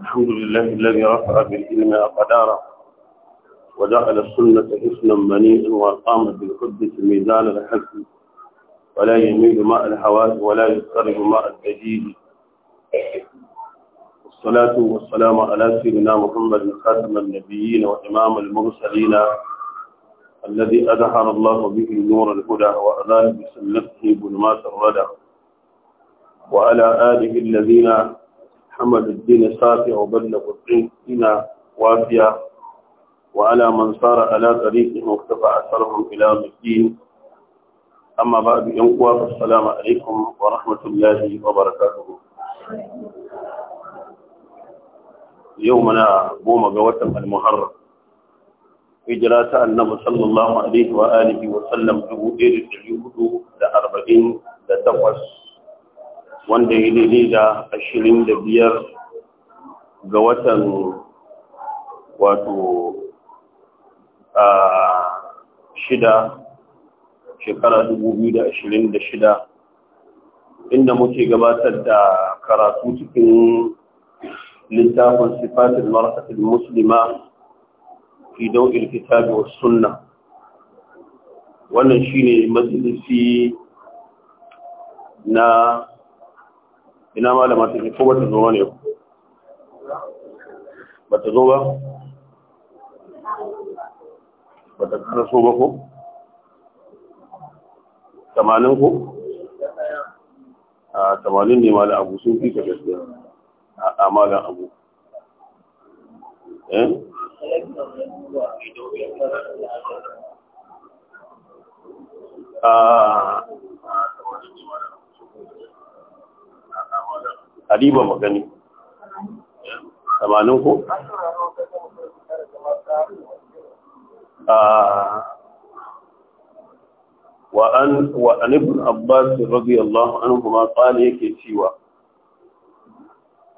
الحمد لله الذي رفع بالعلم أقداره وجعل السنة حسنا منيء وقام بالقدس ميزان الحق ولا يميل ماء الحواس ولا يقترب ماء الدجيج والصلاة والسلام على سيدنا محمد خاتم النبيين وإمام المرسلين الذي أدحر الله به نور الهدى وأذان بسنته ظلمات الردى وعلى آله الذين حمد الدين صافيا وبلغوا الدين وافيا وعلى من صار على طريقهم واقتفى أثرهم إلى الدين أما بعد ينقوى السلام عليكم ورحمة الله وبركاته يومنا قوم بوتم المحرم hijira ta annabi sallallahu alaihi wa alihi wa sallam dubu ɗaya da ɗari hudu da arba'in da takwas wanda ya daidai da ashirin da biyar ga watan wato a shida shekara dubu biyu da ashirin da shida inda muke gabatar da karatu cikin littafin sifatin marasatul muslima في ضوء الكتاب والسنة wannan shi shine majalisi na ina malama take ko bata zo ne bata zo ba bata karaso ba ko tamanin ko a tamanin ne malam abu sun fi ka gaskiya a malam abu eh Adiba ah. magani, tamanin ku? Ah. Wa'an ibn Abbas radiyallahu anhu ma tsali yake cewa,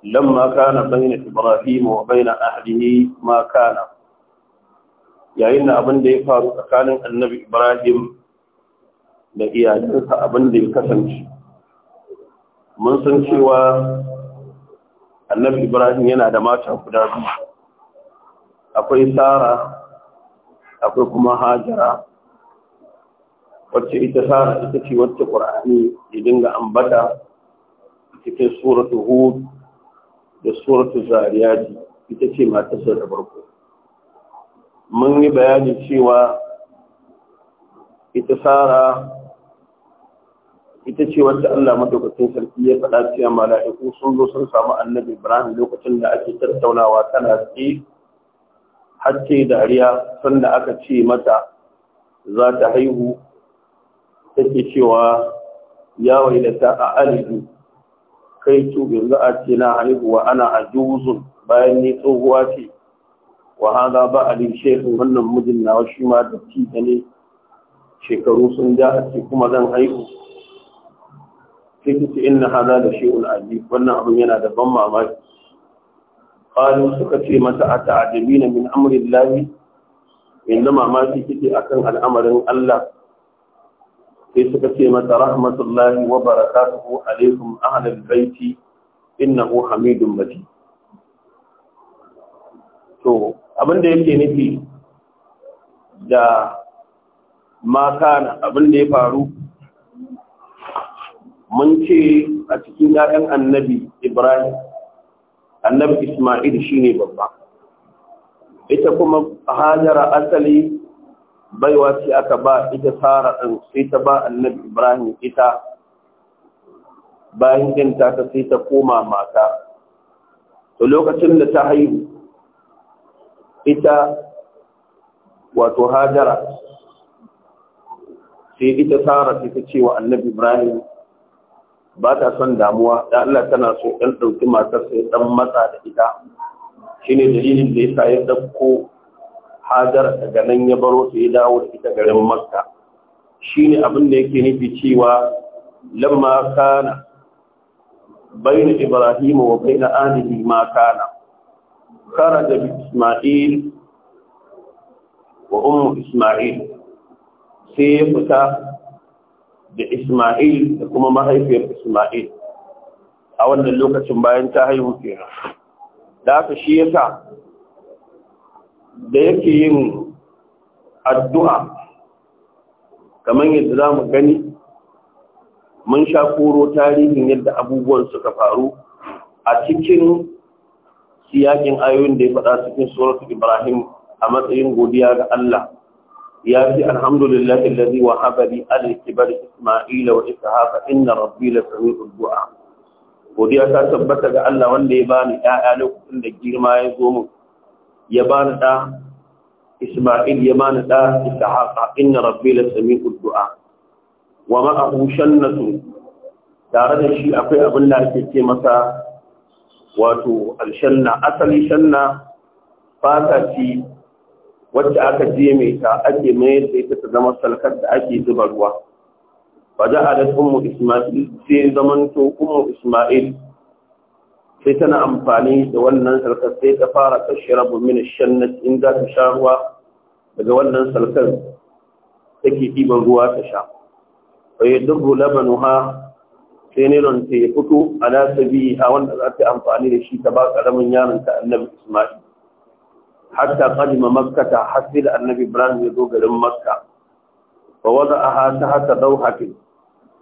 لما كان بين إبراهيم وبين أهله ما كان yayin da abin da ya faru tsakanin annabi Ibrahim da iyalinsa abin da ya kasance mun san cewa annabi Ibrahim yana da mata guda biyu akwai Sara akwai kuma Hajara wacce ita Sara ita ce wacce Qur'ani ya dinga ambata cikin suratul Hud da suratu zariyati ita ce matarsa da farko mun yi bayani cewa ita sara ita ce wanda Allah madaukakin sarki ya faɗa cewa mala'iku sun zo sun samu annabi Ibrahim lokacin da ake tattaunawa tana tsaye hacce dariya sanda aka ce mata za ta haihu take cewa ya wailata a alidu kai tu yanzu a ce na haihuwa ana a juzun bayan ni tsohuwa ce wa hada ba a shehu wannan mijin na shi ma da ci ne shekaru sun ja a kuma zan haihu sai in ce hada da shehun aji wannan abin yana da ban mamaki qalu suka ce mata a ta'ajabina min amri llahi inda mamaki kike akan al'amarin Allah sai suka ce mata rahmatullahi wa barakatuhu alaikum ahlal baiti innahu hamidun mati to abin da yake nufi da na abin da ya faru mun ce a cikin ‘ya'yan annabi ibrahim annabi ismail shine babba ita kuma hajara asali baiwa ce aka ba ita tsara ɗin sai ta ba annabi ibrahim ita bayan ɗin ta sai ta koma mata to lokacin da ta haihu ita wato hajara sai ita tsara sai ta ce wa annabi ibrahim ba ta son damuwa da Allah tana so ɗan ɗauki matarsa sai ɗan matsa da ita shine dalilin da ya sa ya ɗauko hajar daga nan ya baro su yi dawo da ita garin makka shi ne abin da yake nufi cewa lamma kana bayan ibrahim wa bayan ahlihi ma kana kara da isma'il wa ummu isma'il sai ya fita da isma'il da kuma mahaifiyar isma'il a wannan lokacin bayan ta haihu kenan da ka shi yasa da yake yin addu'a kamar yadda za mu gani mun sha koro tarihin yadda abubuwan suka faru a cikin siyakin ayoyin da ya faɗa cikin suratu ibrahim a matsayin godiya ga Allah ya fi alhamdulillah illazi wa habari kibar isma'ila wa haka inna rabbi la sami du'a godiya ta tabbata ga Allah wanda ya bani ƴaƴa lokacin da girma ya zo mu ya ba ni ɗa Isma'il ya bani da Ishaqa inna rabbi la sami du'a wa na shannatu tare da shi akwai abin da ake ce masa wato alshanna asali shanna fata ce wacce aka je mai ta ake mai sai ta ta zama salkar da ake zuba ruwa a da ummu isma'il sai zamanto ummu isma'il sai tana amfani da wannan salkar sai ta fara kashe rabu min shannat in za ta sha ruwa daga wannan salkar take ɗiban ruwa ta sha bai dubu labanuha sai nelon ta ya fito a nasabi a wanda za ta amfani da shi ta ba ƙaramin yaron ta annabi ismail hatta kadima makkata. ta hasi da annabi ibrahim ya zo garin makka ba waza a haka ɗau dauhatin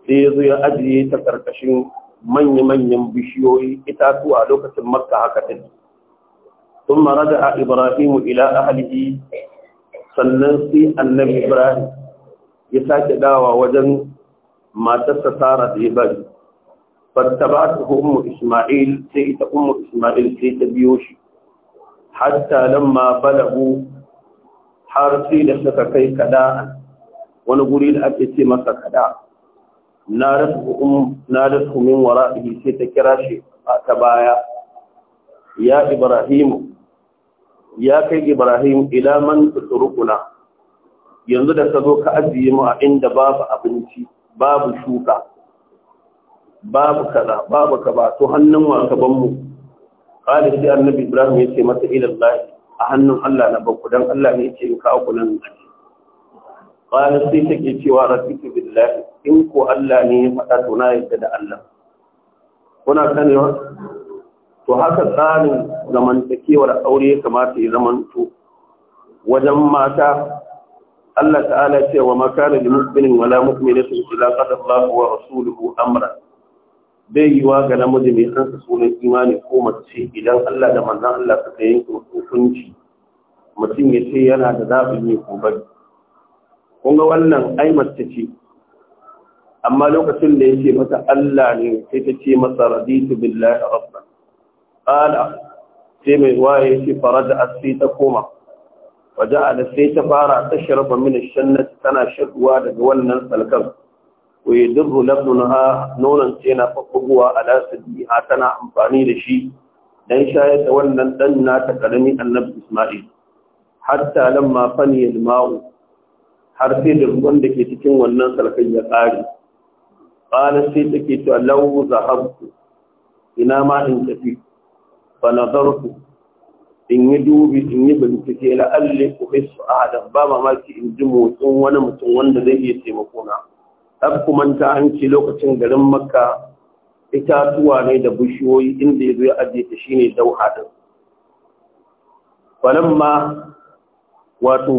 sai ya zo ya ajiye ta ƙarƙashin manya-manyan bishiyoyi itatuwa lokacin makka haka ta sun mara da ibrahimu ila ahalihi sannan sai annabi ibrahim ya sake dawa wajen matarsa tara da ya bari fatta ba ta umu isma'il sai ita umu isma'il sai ta biyo shi hatta nan ma balagu har sai da suka kai kaɗa wani guri da ake ce masa kaɗa. Na نادته من ورائه ستكراشي أتبايا ya إبراهيم Ya kai Ibrahim إلى من turukuna yanzu da ka zo ka ajiye mu a inda babu abinci babu shuka babu kaza babu ba to hannun wa gaban mu sai annabi ibrahim yace masa ila allah a hannun allah na bakku dan allah ne ce in kawo ku nan قال sai take cewa rafiqu billahi in ko Allah ne ya faɗa to na yadda da Allah kuna sanewa to haka tsarin zamantakewar aure ya kamata ya zamanto wajen mata Allah ta'ala ce wa makana da mu'minin wala mu'minatin idza qada Allah wa rasuluhu amra bai yi wa ga namiji mai san sunan imani ko mace idan Allah da manzon Allah suka yanke hukunci mutum ya ce yana da zaɓin ne ko bari ga wannan aimat ta ce amma lokacin da ya ce mata Allah ne sai ta ce masa raditu billahi rabba qala sai mai waye ya ce faraja asri ta koma waje a da sai ta fara ta sharfa min shannat tana shaduwa daga wannan salkan waye dubu lafnunha nonan ce na fafuwa ala sadiha tana amfani da shi dan shayar da wannan dan na ta karami annabi isma'il hatta lamma faniya al-ma'u har sai da ruwan da ke cikin wannan salkai ya tsare qala sai take cewa law zahabtu ina ma in tafi fa nadartu in yi dubi in yi bincike la alli a ahada ba mamaki in ji motsin wani mutum wanda zai iya taimako na ab kuma ta hanci lokacin garin makka itatuwa ne da bishiyoyi inda ya zo ya ajiye ta shine dauha din falamma wato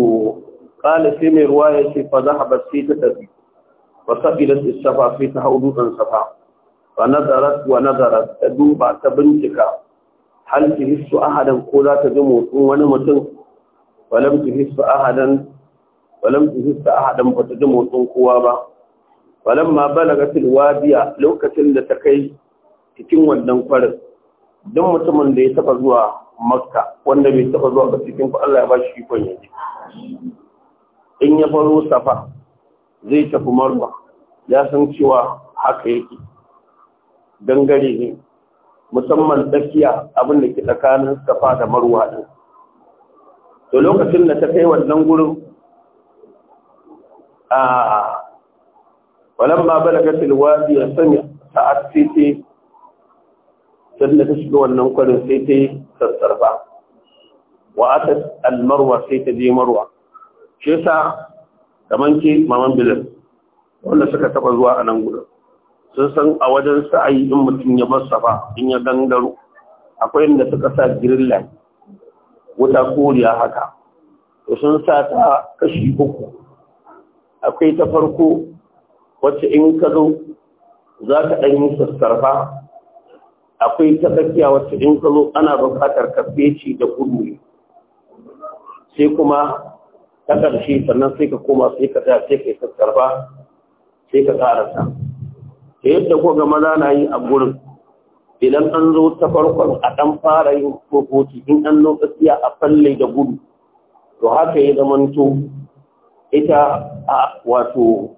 قال في رواية فذهبت في تتبي وسبلت السفا في تهودوث سفا فنظرت ونظرت تدوب تبنتك هل تهس أحدا قولا تدموت متن ولم تهس أحدا ولم تهس أحدا فتدموت قوابا ولما بلغت الوادية لو كتل تكي تكين ودن فرد دم تمن دي ya مكة ونبي makka بسيكين فالله باشي فنجي in ya baro safa zai tafi marwa ya san cewa haka yake dangare ne musamman tsakiya abin da ke tsakanin safa da marwa ɗin to lokacin da ta kai wannan gurin a walamma balaga tilwadi ya sanya ta sai ta sannan ta shiga wannan kwarin sai ta yi sassarfa wa almarwa sai ta je marwa kesa yasa kamar ke maman bilal wanda suka taba zuwa a nan gudun sun san a wajen sa'ayi in mutum ya bar safa in ya gangaro akwai inda suka sa girilla wuta koriya haka to sun sa ta kashi uku akwai ta farko wacce in ka zo za ka ɗan yi sassarfa akwai ta tsakiya wacce in ka zo ana buƙatar kafeci da kudu sai kuma ka ƙarshe sannan sai ka koma sai ka tsaya sai ka yi karba sai ka ƙarasa ta yadda ko ga maza na yi a gurin idan an zo ta farkon a ɗan fara yin kokoti in an lokaciya a falle da gudu to haka ya zamanto ita a wato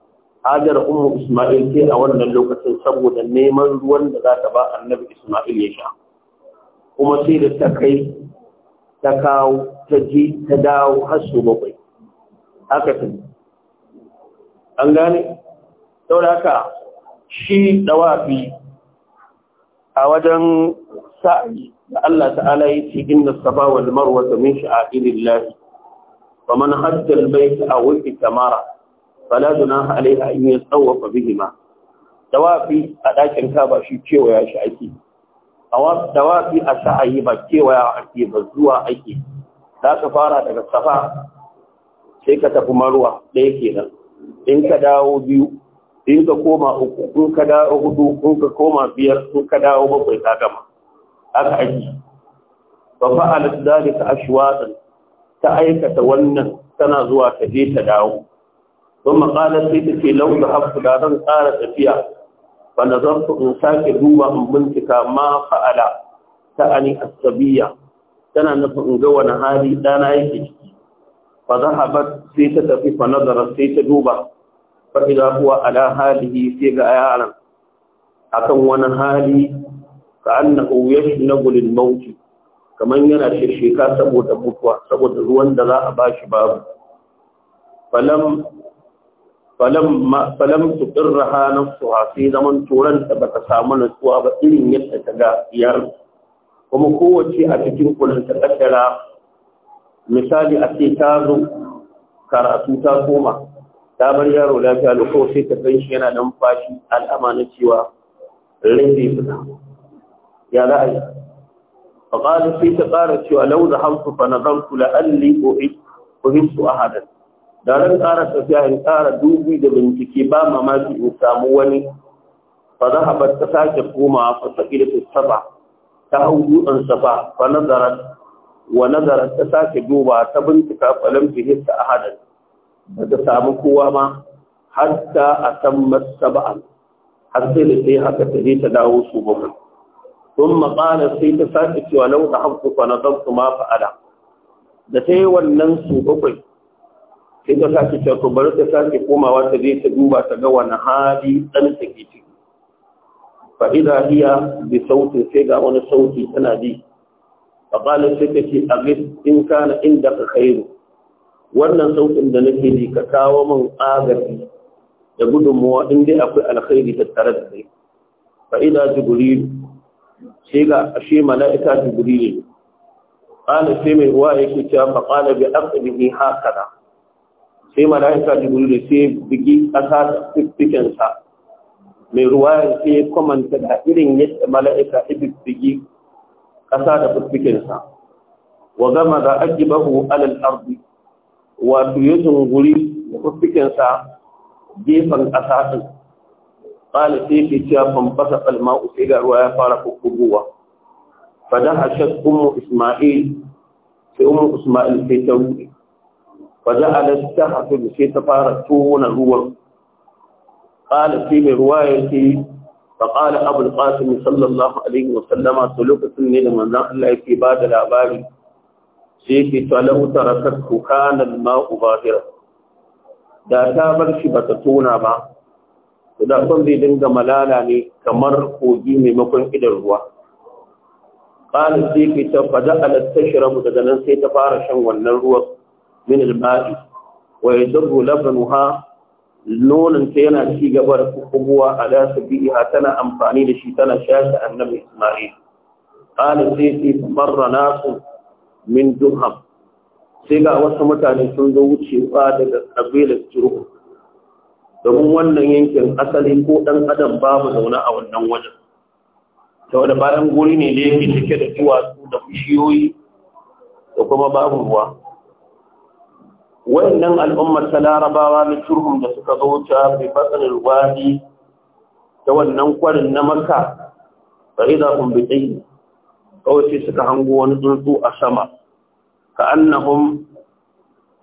hajar umu Ismail ce a wannan lokacin saboda neman ruwan da za ta ba annabi Ismail ya sha. Kuma sai da ta kai, ta kawo, ta ji, ta dawo har su haka su an gane saboda haka shi dawafi a wajen sa'ayi da Allah ta'ala ya ce inna safa wal marwa min sha'airillah wa man hajja al bayt aw tamara fala dunaha alayhi an yatawafa bihima dawafi a dakin kaba shi cewa ya shi ake dawafi a sa'ayi ba cewa ake ba zuwa ake za ka fara daga safa sai ka tafi marwa ɗaya kenan in ka dawo biyu in ka koma uku in ka dawo hudu in ka koma biyar in ka dawo bakwai ka gama haka ake fa fa'alat ashwatan ta aikata wannan tana zuwa ta je ta dawo ba qalat sai ta ce law da da zan tsara tafiya zan fi in sake duba in bincika ma fa'ala ta ani asabiya tana nufin in ga wani hali dana yake fazahabat zahabat sai ta tafi fa nazara sai ta duba fa a huwa ala halihi sai ga yaran akan wani hali ka annahu yashnabu lil maut kaman yana shirsheka saboda mutuwa saboda ruwan da za a bashi babu falam falam falam tuqirraha nafsuha sai zaman turan ta bata samu nutsuwa ba irin yadda ta ga iyar kuma kowace a cikin kullun ta kaddara misali a ce ta zo karatu ta koma ta bar yaro lafiya lokacin sai ta gan shi yana fashi al'ama na cewa rai zai fita ya za a yi faƙalu sai ta ƙara cewa lau da hamsu fa na zanku la'alli a ahadan da ran ƙara tafiya in ƙara dubi da bincike ba mamaki in samu wani fa za a bar ta sake komawa fa saƙi da ta saba ta hau dutsen safa fa nazarar wa nazara ta sake duba ta bincika falam fi ta ahadan ba ta samu kowa ma hatta a tammat sab'an har sai da sai haka ta je ta dawo su bakwai ثم قال sai ta sake cewa lau da hanku fa nazartu ma fa'ala da sai wannan su bakwai sai ta sake cewa to bari ta sake komawa ta je ta duba ta ga wani hali dan take ciki fa idza hiya bi sautin sai ga wani sauti tana ji faƙalar sai ka ce abin in kana inda ka kairu. wannan saukin da nake ji ka kawo min agaji da gudunmuwa in dai akwai alkhairi tattare da kai fa'ida jibrilu sai ga ashe mala'ika jibrilu qala sai mai ruwa yake cewa fa qala bi aqdihi hakada sai mala'ika jibrilu sai bigi kasa fifikin sa mai ruwa sai ya komanta da irin yadda mala'ika ibigi ƙasa da fuskinsa wa gama da ajibahu alal ardi wato ya zunguri da fuskinsa gefen ƙasa din qala sai ke cewa fanfasa alma'u sai ga ruwa ya fara kukkugowa fa da ummu isma'il sai ummu isma'il sai ta ruɗe fa ja'alat tahfud sai ta fara tona ruwan qala sai mai ruwa ya ce فقال أبو القاسم صلى الله عليه وسلم سلوك سنين من الله في بعد العبار سيكي فلو تركته كان الماء ظاهرا دا تابر شبة تونا با da kun zai dinga malala ne kamar kogi maimakon idan ruwa ƙalin sai ke ta fada alatta shirabu daga nan sai ta fara shan wannan ruwan min alba'i ha nonon ta yana ci gaba da kukubuwa a da bi'a tana amfani da shi tana shashi annabi Isma'il qala sai sai marra nasu min duham sai ga wasu mutane sun zo wucewa daga kabilar Turku domin wannan yankin asali ko dan adam babu zauna a wannan wajen wani bayan guri ne da yake cike da duwatsu da bishiyoyi da kuma babu ruwa wannan al'ummar ta larabawa na turhum da suka zo ta bi fasalin wadi ta wannan kwarin na makka fa idza hum bi kawai sai suka hango wani tsuntsu a sama ka annahum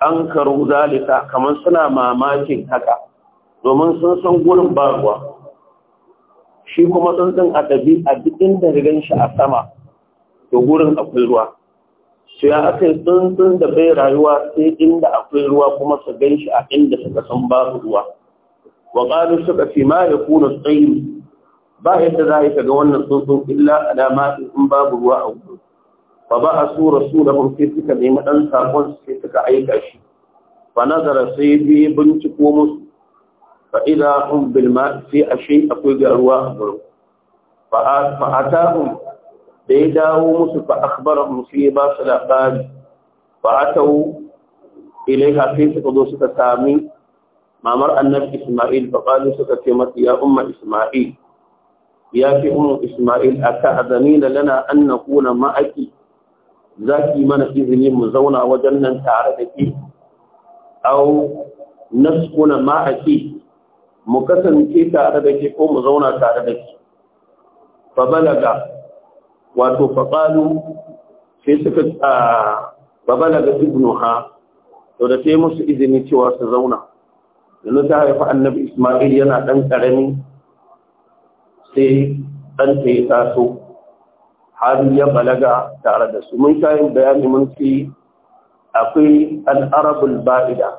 ankaru zalika kamar suna mamakin haka domin sun san gurin ba ruwa shi kuma tsuntsun a ɗabi'a duk inda rigan shi a sama to gurin akwai ruwa su ya aka yi tsuntsun da bai rayuwa sai inda akwai ruwa kuma su gan shi a inda suka san babu ruwa wa ƙalu suka fi ma ya kuna tsayi ba yadda za a yi ga wannan tsuntsun illa a alama in babu ruwa a wurin fa ba a su rasulahum sai suka nemi ɗan su sai suka aika shi fa nazara sai bi binciko musu fa idza hum bil ma sai shi akwai ga ruwa a gurin fa da ya dawo musu fa akhbarahum sai ba su labari fa atau ilaiha sai suka zo suka sami mamar annabi Isma'il fa qalu suka ce masa ya umma Isma'il ya fi ummu Isma'il aka azamina lana an nakuna ma'aki zaki mana izini mu zauna wajen nan tare da ke au naskuna ma'aki mu kasance tare da ke ko mu zauna tare da ke fa balaga wato faƙalu sai suka babala ga ibnuha to da sai musu izini cewa su zauna yanzu ta haifi annabi isma'il yana ɗan ƙarami sai ɗanta ya taso har ya balaga tare da su mun kayan bayani mun ce akwai al'arabul ba'ida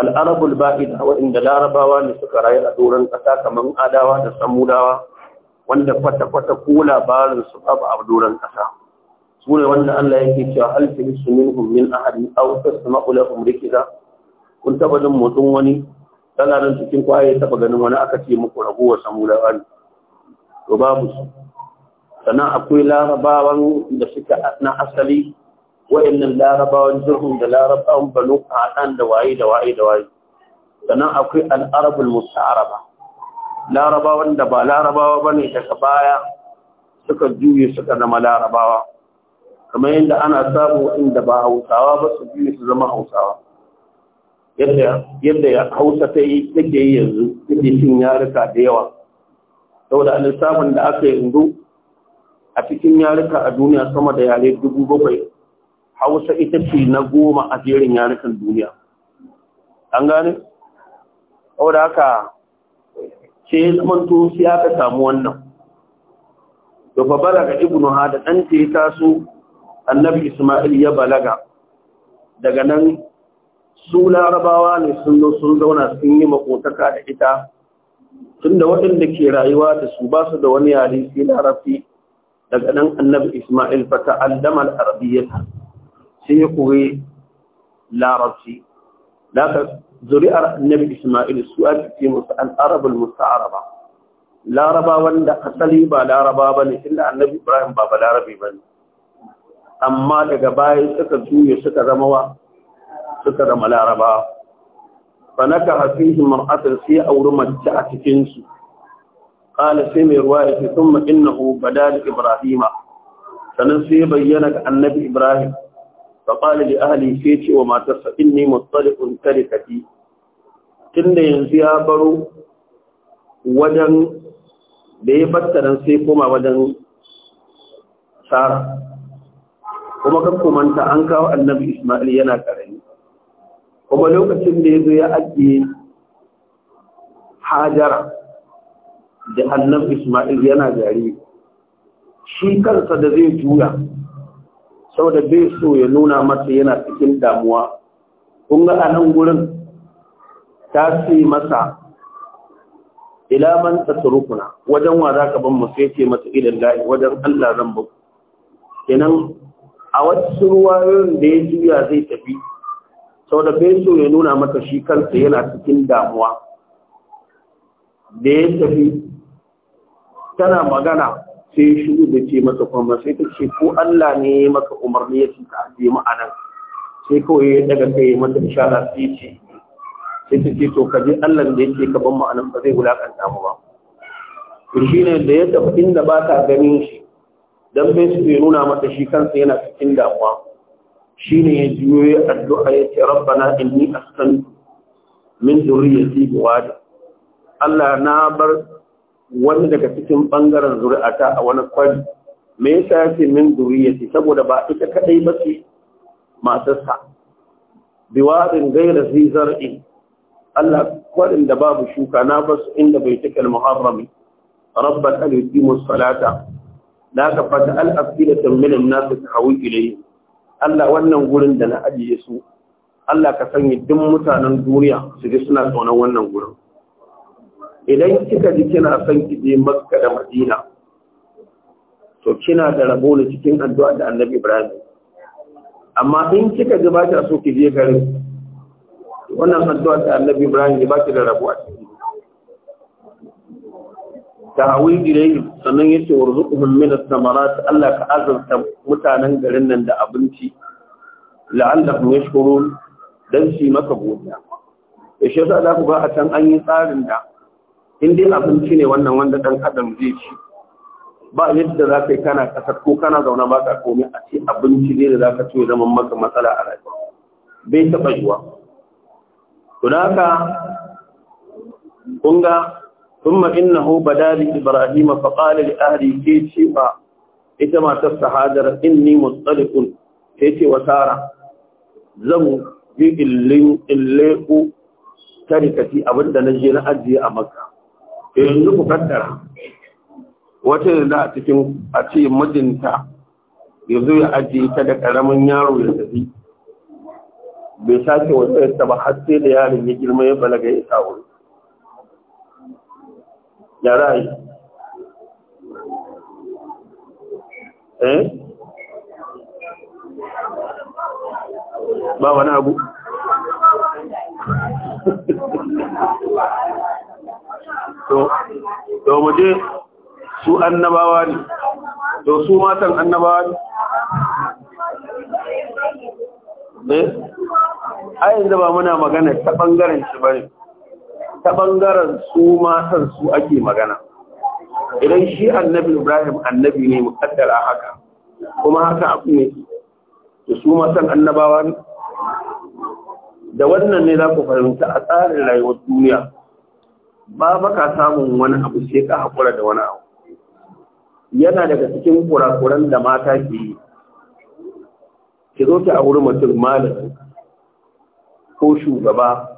al'arabul ba'ida waɗanda larabawa ne suka rayu a doron ƙasa kamar adawa da samudawa wanda kwata-kwata ko labarin su babu a doron ƙasa su ne wanda Allah yake cewa hal tamisu minhum a ahadin aw tasma'u lahum rikida kun taba jin mutum wani tana nan cikin kwaye taba ganin wani aka ce muku raguwa samu labari to babu su sannan akwai larabawan da suka na asali wa'annan larabawan jirgin da larabawan banu kaɗan da waye da waye da waye sannan akwai al'arabul musta'araba larabawan da ba larabawa ba ne daga baya suka juye suka zama larabawa kamar yadda ana samu inda ba hausawa ba su juye su zama hausawa yadda ya hausa ta yi take yi yanzu take cin yaruka da yawa saboda lissafin da aka yi yanzu a cikin yaruka a duniya sama da yare dubu bakwai hausa ita ce na goma a jerin yarukan duniya an gane? saboda haka sai ya zamanto sai aka samu wannan to fa balaga ibnu hada ɗan ce ya taso annabi isma'il ya balaga daga nan su larabawa ne sun zo sun zauna sun yi makotaka da ita Tun da waɗanda ke rayuwa da su ba su da wani yare sai larabci daga nan annabi isma'il fa ta'allama al-arabiyyata sai ya koyi larabci da zuri'ar annabi Isma'il su ake musu al'arabul musta'araba laraba wanda asali ba laraba bane inda annabi Ibrahim ba ba larabi bane amma daga baya suka juye suka zama wa suka zama laraba fa naka hafihi mar'atul sai auri mace a cikinsu. su qala sai mai ruwa ya ce thumma innahu badal ibrahima sanan sai bayyana ga annabi Ibrahim فقال لأهلي سيتي وما تسع إني مطلق تركتي tun tunda yanzu ya baro wajen da ya battaran sai koma wajen tsara kuma kan kumanta an kawo annabi ismail yana karami kuma lokacin da ya zo ya ajiye hajara da annabi ismail yana jari shi kansa da zai juya saboda bai so ya nuna masa yana cikin damuwa kun ga a nan gurin ta ce masa ilaman tatrukuna wajen wa za ka ban mu sai ce masa idan lahi wajen Allah zan ba kenan a wasu ruwayoyin da ya juya zai tafi saboda bai so ya nuna masa shi kansa yana cikin damuwa da ya tafi tana magana sai ya shigo da ce masa kuma sai ta ce ko Allah ne ya maka umarni ya ce ka aje mu sai kawai ya daga kai ya mata shara sai ce sai ta ce to ka je Allah da yake ka ban mu ba zai wulakanta mu ba to ne da ya tafi inda ba ta ganin shi dan bai su bai nuna masa shi kansa yana cikin damuwa Shi ne ya juyo ya addu'a ya ce rabbana inni askantu min zurriyyati biwadi Allah na bar wani daga cikin ɓangaren zuri'ata a wani kwari me yasa yake min zuriyati saboda ba ita kadai ba ce matarsa biwarin gaira zar'i Allah kwarin da babu shuka na basu inda bai take muharrami rabban al-yuqimu salata na ka fata al da min an-nas tahawi ilayhi Allah wannan gurin da na ajiye su Allah ka sanya duk mutanen duniya su ji suna tsaunan wannan gurin idan kika ji kina son ki je Makka da Madina to kina da rabo ne cikin addu'a da Annabi Ibrahim amma in kika ji ba ta so ki je garin wannan addu'a da Annabi Ibrahim ba baki da rabo a ciki tahawil ilayhi sannan yace warzuquhum min as-samarat Allah ka azurta mutanen garin nan da abinci la'allahum yashkurun dan shi maka godiya shi yasa za ku ga a can an yi tsarin da in abinci ne wannan wanda dan adam zai ci ba yadda za ka yi kana kasar ko kana zauna ba ka komai a ce abinci ne da za ka ci zaman maka matsala a rai bai taɓa yiwa to da haka kun ga ثم إنه بدا لإبراهيم ba ita كي شيبا إتما تستحاضر إني مطلق كي وسارة زمو bi illin illeku tarikati abinda na je na ajiye a makka yanzu ku kaddara wata da a cikin a ce mijinta ya zo ya ajiye ta da karamin yaro ya tafi bai sake wata ta ba har sai da yaron ya girma ya balaga ya sa wuri ya rayu eh ba wani abu To muje su annabawa ne To su matan annabawa ne eh? a yanzu ba muna magana ta ɓangaren shi ba ne ta ɓangaren su matan su ake magana idan shi annabi ibrahim annabi ne mukaddara haka kuma haka abu ne To su matan annabawa ne da wannan ne za ku fahimta a tsarin rayuwar duniya ba baka samun wani abu sai ka haƙura da wani abu yana daga cikin kurakuran da mata ke yi ki zo ki auri mutum malamin ko shugaba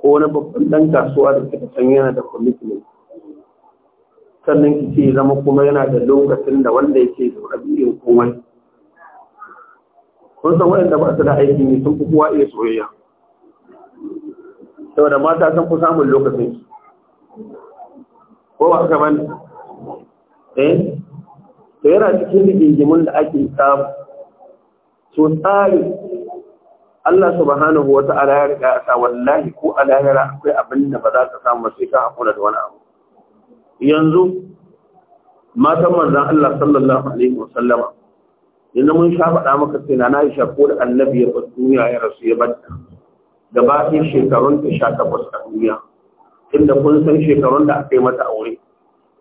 ko wani babban dan kasuwa da kika san yana da commitment sannan ki ce zama kuma yana da lokacin da wanda yake da rabi'in komai kun san waɗanda ba su da aiki ne sun fi kowa iya soyayya saboda mata sun fi samun lokacin su ko ba ka bane eh to yana cikin rigingimun da ake samu to tsari Allah subhanahu wa ta'ala ya riga ta wallahi ko a lahira akwai abin da ba za ka samu sai ka hakura da wani abu yanzu matan manzon Allah sallallahu alaihi wa sallama yanzu mun sha faɗa maka sai na yi ko da annabi ya bar duniya ya rasu ya bar gaba ɗaya shekarun ta sha takwas a duniya tunda kun san shekarun da aka yi mata aure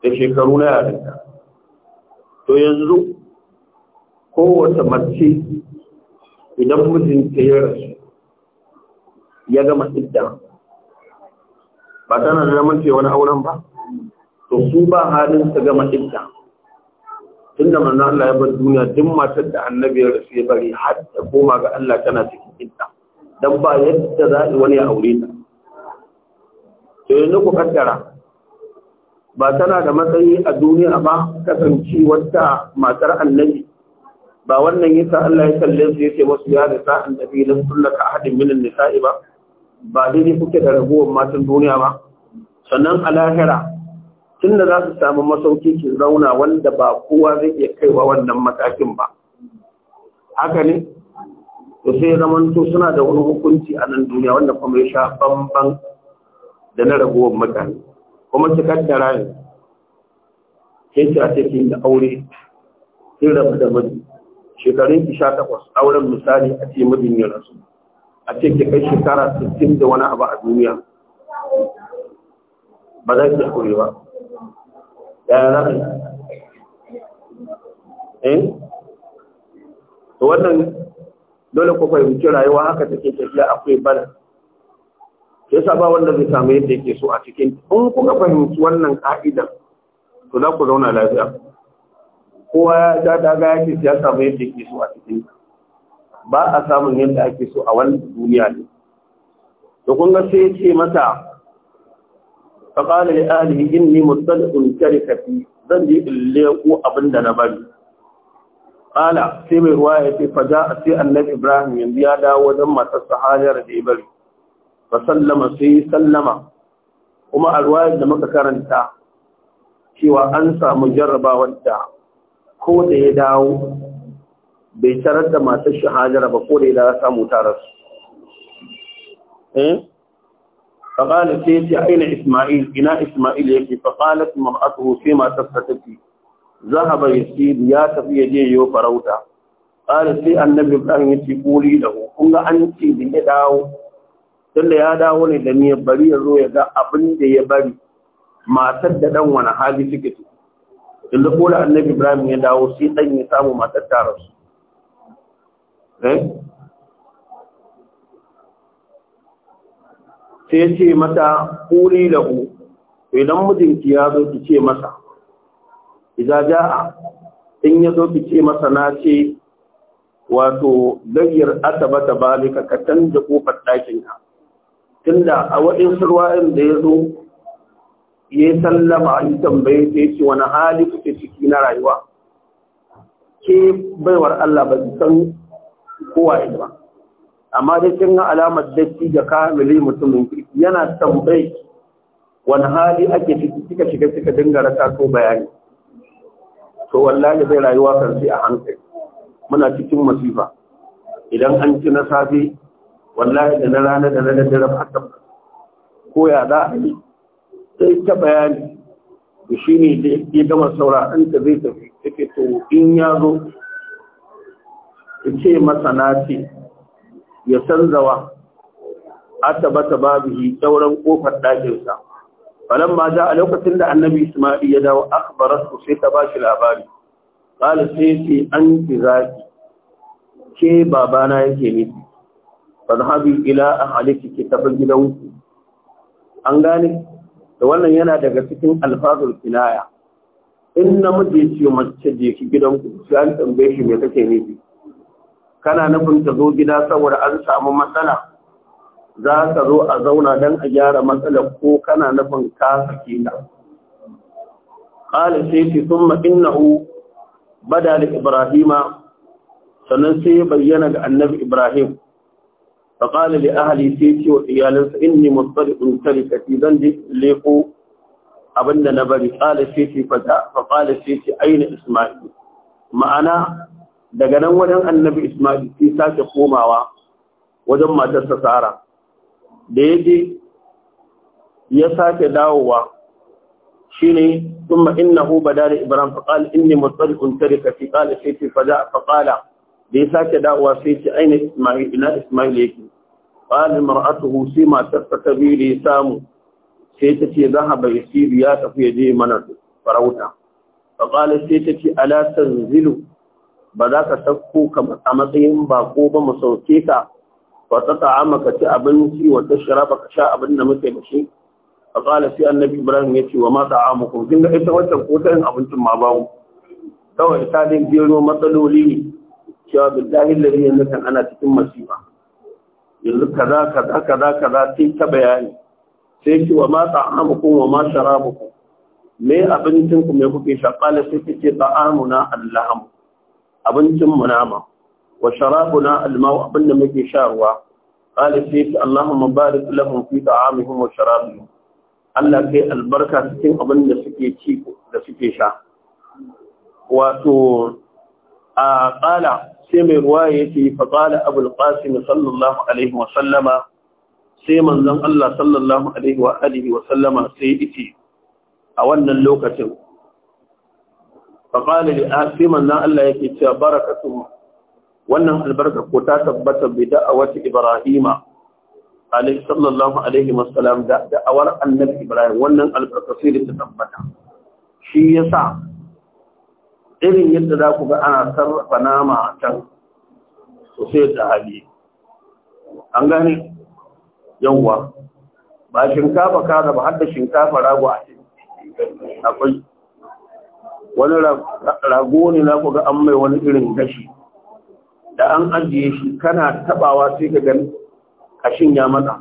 da shekaru na yarinta to yanzu kowace mace idan mijinta ya rasu ya gama idda ba tana da ce wani auren ba to su ba halin ta gama idda tun da manzan Allah ya bar duniya duk matar da annabi ya rasu ya bari har ta koma ga Allah tana cikin idda dan ba yadda za wani ya aure ta to yanzu ku kaddara ba tana da matsayi a duniya ba kasance wata matar annabi ba wannan yasa Allah ya kalle su yace musu ya da sa annabi lan sunnaka ahadin minan nisa'i ba ba dai kuke da rabuwar matan duniya ba sannan a lahira tunda za su samu masauki ki zauna wanda ba kowa zai iya kaiwa wannan matakin ba haka ne to sai zamanto suna da wani hukunci a nan duniya wanda kuma ya sha bamban da na ragowar mutane kuma ki kaddara ne kin ci a cikin da aure kin rabu da miji shekarun ki sha takwas auren misali a ce mutum ya rasu a ce ki kai shekara sittin da wani abu a duniya ba za ki aure ba yaya za ki eh wannan dole ku fahimci rayuwa haka take tafiya akwai bala sai ba wanda zai samu yadda yake so a cikin in kuka fahimci wannan ka'idan to za ku zauna lafiya kowa ya ja ta ga yake ya samu yadda yake so a cikin ba a samun yadda ake so a wannan duniya ne Da kun ga sai ce mata fa qala li ahlihi inni mutsalun tarikati zan je in abin abinda na bari Ala sai mai ruwa ya ce fa ja'a sai annabi ibrahim yanzu ya dawo wajen matar sahaliyar da bari. fasallama sai yi sallama kuma a da muka karanta cewa an samu jarraba wadda ko da ya dawo bai tarar da masu shahajar ba ko da ya dawo samu tarar su eh? faƙalar sai ce aina ismail ina ismail ya ke faƙalar su mafi sai masu tattaki za a bai ya tafi ya je yi farauta ƙalar sai annabi ibrahim ya ce ƙuli da hukun ga an ce da ya dawo tunda ya dawo ne da niyyar bari ya zo ya ga abin da ya bari matar da dan wani hali suke to inda kola annabi ibrahim ya dawo sai dan ya samu matar rasu eh? sai ya ce mata da ku, idan mijinki ya zo ki ce masa idan in ya zo ki ce masa na ce wato gayyar asaba ta balika ka canza kofar ɗakinka tunda a waɗin surwa'in da ya zo ya sallama a yi tambaye ta yi ce wani hali kuke ciki na rayuwa ke baiwar Allah ba san kowa ba amma dai kin ga alamar datti da kamili mutumin kirki yana tambaye wani hali ake ciki kika shiga kika dinga rasa ko bayani to wallahi bai rayuwa kan sai a hankali muna cikin masifa idan an ci na safe wallahi da na rana da na dare ba haka ko ya za a yi sai ta bayani da shi ne da ya gama saura an ta zai tafi take to in ya zo ya ce masa na ce ya sanzawa atabata babihi sauran kofar ɗakinsa ma za a lokacin da annabi isma'il ya dawo akhbaratu sai ta bashi labari qala sai ce an zaki ke babana yake miki fadhabi ila ahliki ki tafi gidanku an gane da wannan yana daga cikin alfazul kinaya in namiji mace je ki gidanku sai an tambaye shi me kake nufi kana nufin ta zo gida saboda an samu matsala za ka zo a zauna dan a gyara matsalar ko kana nufin ka sake ta qala sai thumma innahu bada li ibrahima sannan sai ya bayyana ga annabi ibrahim فقال لأهلي سيتي وإيالنس إني مضطرق تركتي ذنبي ليقو أبن نبري قال سيتي فتا فقال سيتي أين إسماعيل معنا دقنا ودن النبي إسماعيل في ساك قوماوا ودن ما تستسارا ديجي يساك داووا شيني ثم إنه بدا لإبراهيم فقال إني مضطرق تركتي قال سيتي فجاء فقال da ya sake dawowa sai ce aina Ismail ina Ismail yake qala mar'atuhu sai matar ta kabiri samu sai ta ce zahaba yasiru ya tafi ya je mana farauta fa qala sai ta ce ala tanzilu ba za ka sauko a matsayin bako ba mu sauke ka Ba ta ta'ama ka ci abinci wa ta ba ka sha abin da muke da shi Ba ƙala sai annabi ibrahim ya ce wa ma ta'ama ku kin ga ita wancan ko ta yin abincin ma bawo kawai ta dai gero matsaloli ne cewa billahi lalli yanzu kan ana cikin masifa yanzu kaza kaza kaza kaza sai ta bayani sai ki wa ma ta'amukum wa ma sharabukum me abincin ku me kuke sha qala sai kike ta'amuna allaham abincin mu nama wa sharabuna almau abin da muke sha ruwa qala sai ki allahumma barik lahum fi ta'amihim wa sharabihim Allah kai albarka cikin abin da suke ci da suke sha wato a qala sai mai ruwa yake fa qala abul qasim sallallahu alaihi wa sallama sai manzon Allah sallallahu alaihi wa alihi wa sallama sai yace a wannan lokacin fa qala li ah, sai manzon Allah yake cewa barakatu wannan albarka ko ta tabbata bi da'awati ibrahima alaihi sallallahu alaihi wa sallam da'awar annabi ibrahim wannan albarka sai ta tabbata shi yasa irin yadda za ku ga ana sarrafa nama a can su sai da hali an gane yawwa ba shinkafa kada ba hadda shinkafa rago a akwai wani rago ne na ku ga an mai wani irin gashi da an ajiye shi kana tabawa sai ka gani kashin ya mata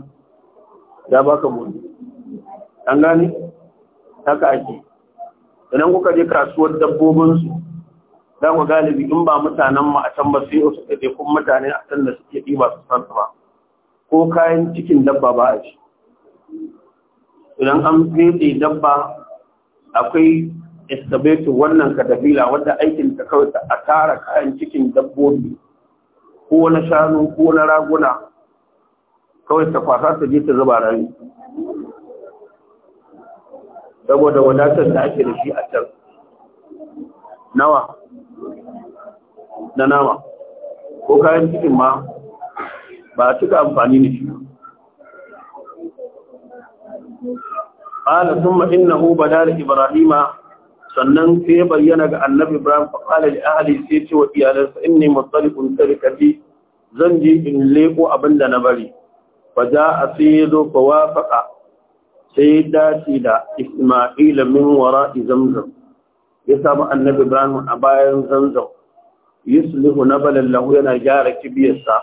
ya baka gudu an gane haka ake idan kuka je kasuwar dabbobinsu za ku galibi in ba mutanen mu a can ba sai su kaje kun mutane a can da suke ba su san ba ko kayan cikin dabba ba a ci idan an fete dabba akwai estabetu wannan kadabila wadda aikin ta kawai ta a tara kayan cikin dabbobi ko na shanu ko na raguna kawai ta kwasa ta je ta zuba rami saboda wadatar da ake da shi a can nawa na nama ko kayan cikin ma ba a cika amfani da shi ƙala sun ma'in na huba da ibrahima sannan sai ya bayyana ga annabi ibrahim a ƙala da ahali sai ce wa iyalarsa in ne matsalikun tarikaci zan je in leko abin da na bari ba za a sai ya zo wa faɗa, sai ya dace da isma'ila min wara'i zamzam ya samu annabi ibrahim a bayan zamzam yuslihu na balallahu yana gyara kibiyarsa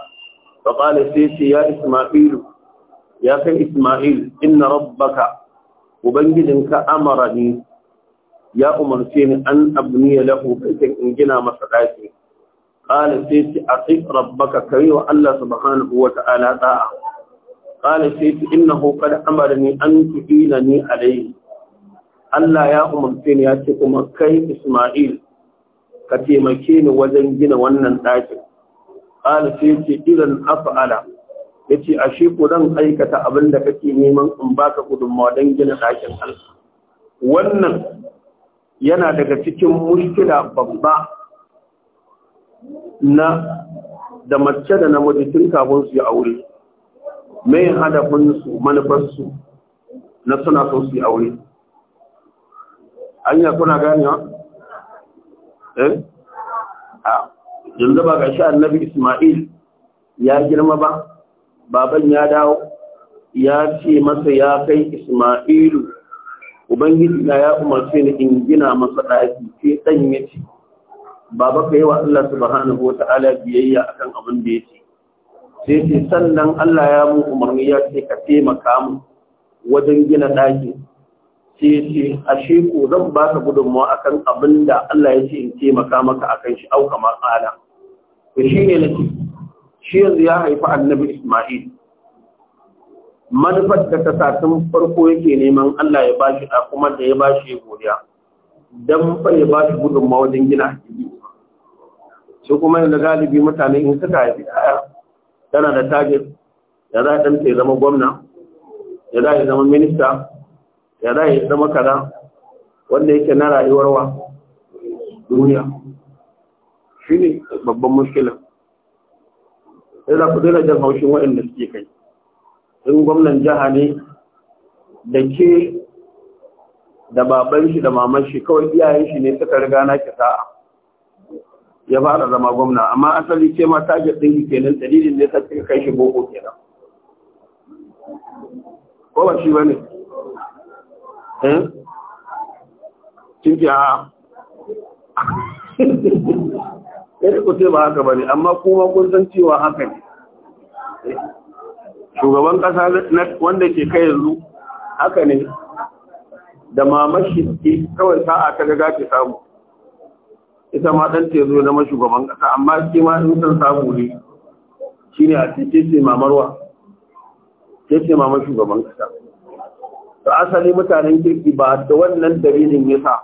fa qala sai ce ya isma'il ya kai isma'il inna rabbaka ubangijinka amara ni ya umarce ni an abniya lahu baitan in gina masa daki qala sai ce a atiq rabbaka kai wa Allah subhanahu wa ta'ala da'a qala sai ce innahu qad amarani an ni alayhi Allah ya umarce ni ya ce kuma kai Isma'il ka taimake ni wajen gina wannan ɗakin ƙala sai ce irin af'ala ya ce ashe ku zan aikata abin da kake neman in baka gudunmawa don gina ɗakin Allah wannan yana daga cikin mushkila babba na da mace da namiji tun kafin su yi aure mai hadafin su manufarsu na suna so su yi aure anya kuna ganewa Eh? yanzu ba gashi annabi Ismail ya girma ba baban ya dawo ya ce masa ya kai Ismailu ubangiji na ya umarce ni in gina masa ɗaki sai dan ya ce baba kai wa Allah subhanahu ta'ala biyayya akan abin da ya ce sai ce sannan Allah ya mu umarni ya ce ka taimaka mu wajen gina ɗakin sai ya ce ashe ko zan ba ka gudunmawa kan abin da Allah ya ce in taimaka maka a kan shi auka kamar ala shi ne nake shi yanzu ya haifi annabi Isma'il manufar da ta farko yake neman Allah ya bashi a kuma da ya bashi godiya dan fa ya bashi gudunmawa wajen gina hakiki sai kuma yanzu galibi mutane in suka haifi ɗaya tana da target ya za a ɗanta ya zama gwamna ya za a zama minista ya za ya zama kada wanda yake na rayuwar wa duniya shi ne babban mushkilan sai za ku daina jan haushin waɗanda suke kai in gwamnan jiha ne da ke da baban shi da maman shi kawai iyayen shi ne suka riga na ki sa'a ya fara zama gwamna amma asali ce ma target din kenan dalilin ne ta cika kai shi boko kenan ko ba shi ne. kinki ha? ɗaya ku ce ba haka ba ne amma kuma kun san cewa haka ne eh? shugaban ƙasa wanda ke kai yanzu haka ne da mamashi ke kawai sa'a ta daga ke samu ita ma ɗan ce zo zama shugaban ƙasa amma ke ma in san samu ne shi ne a ce ce mamarwa ce ce mamar shugaban ƙasa da asali mutanen kirki ba da wannan dalilin yasa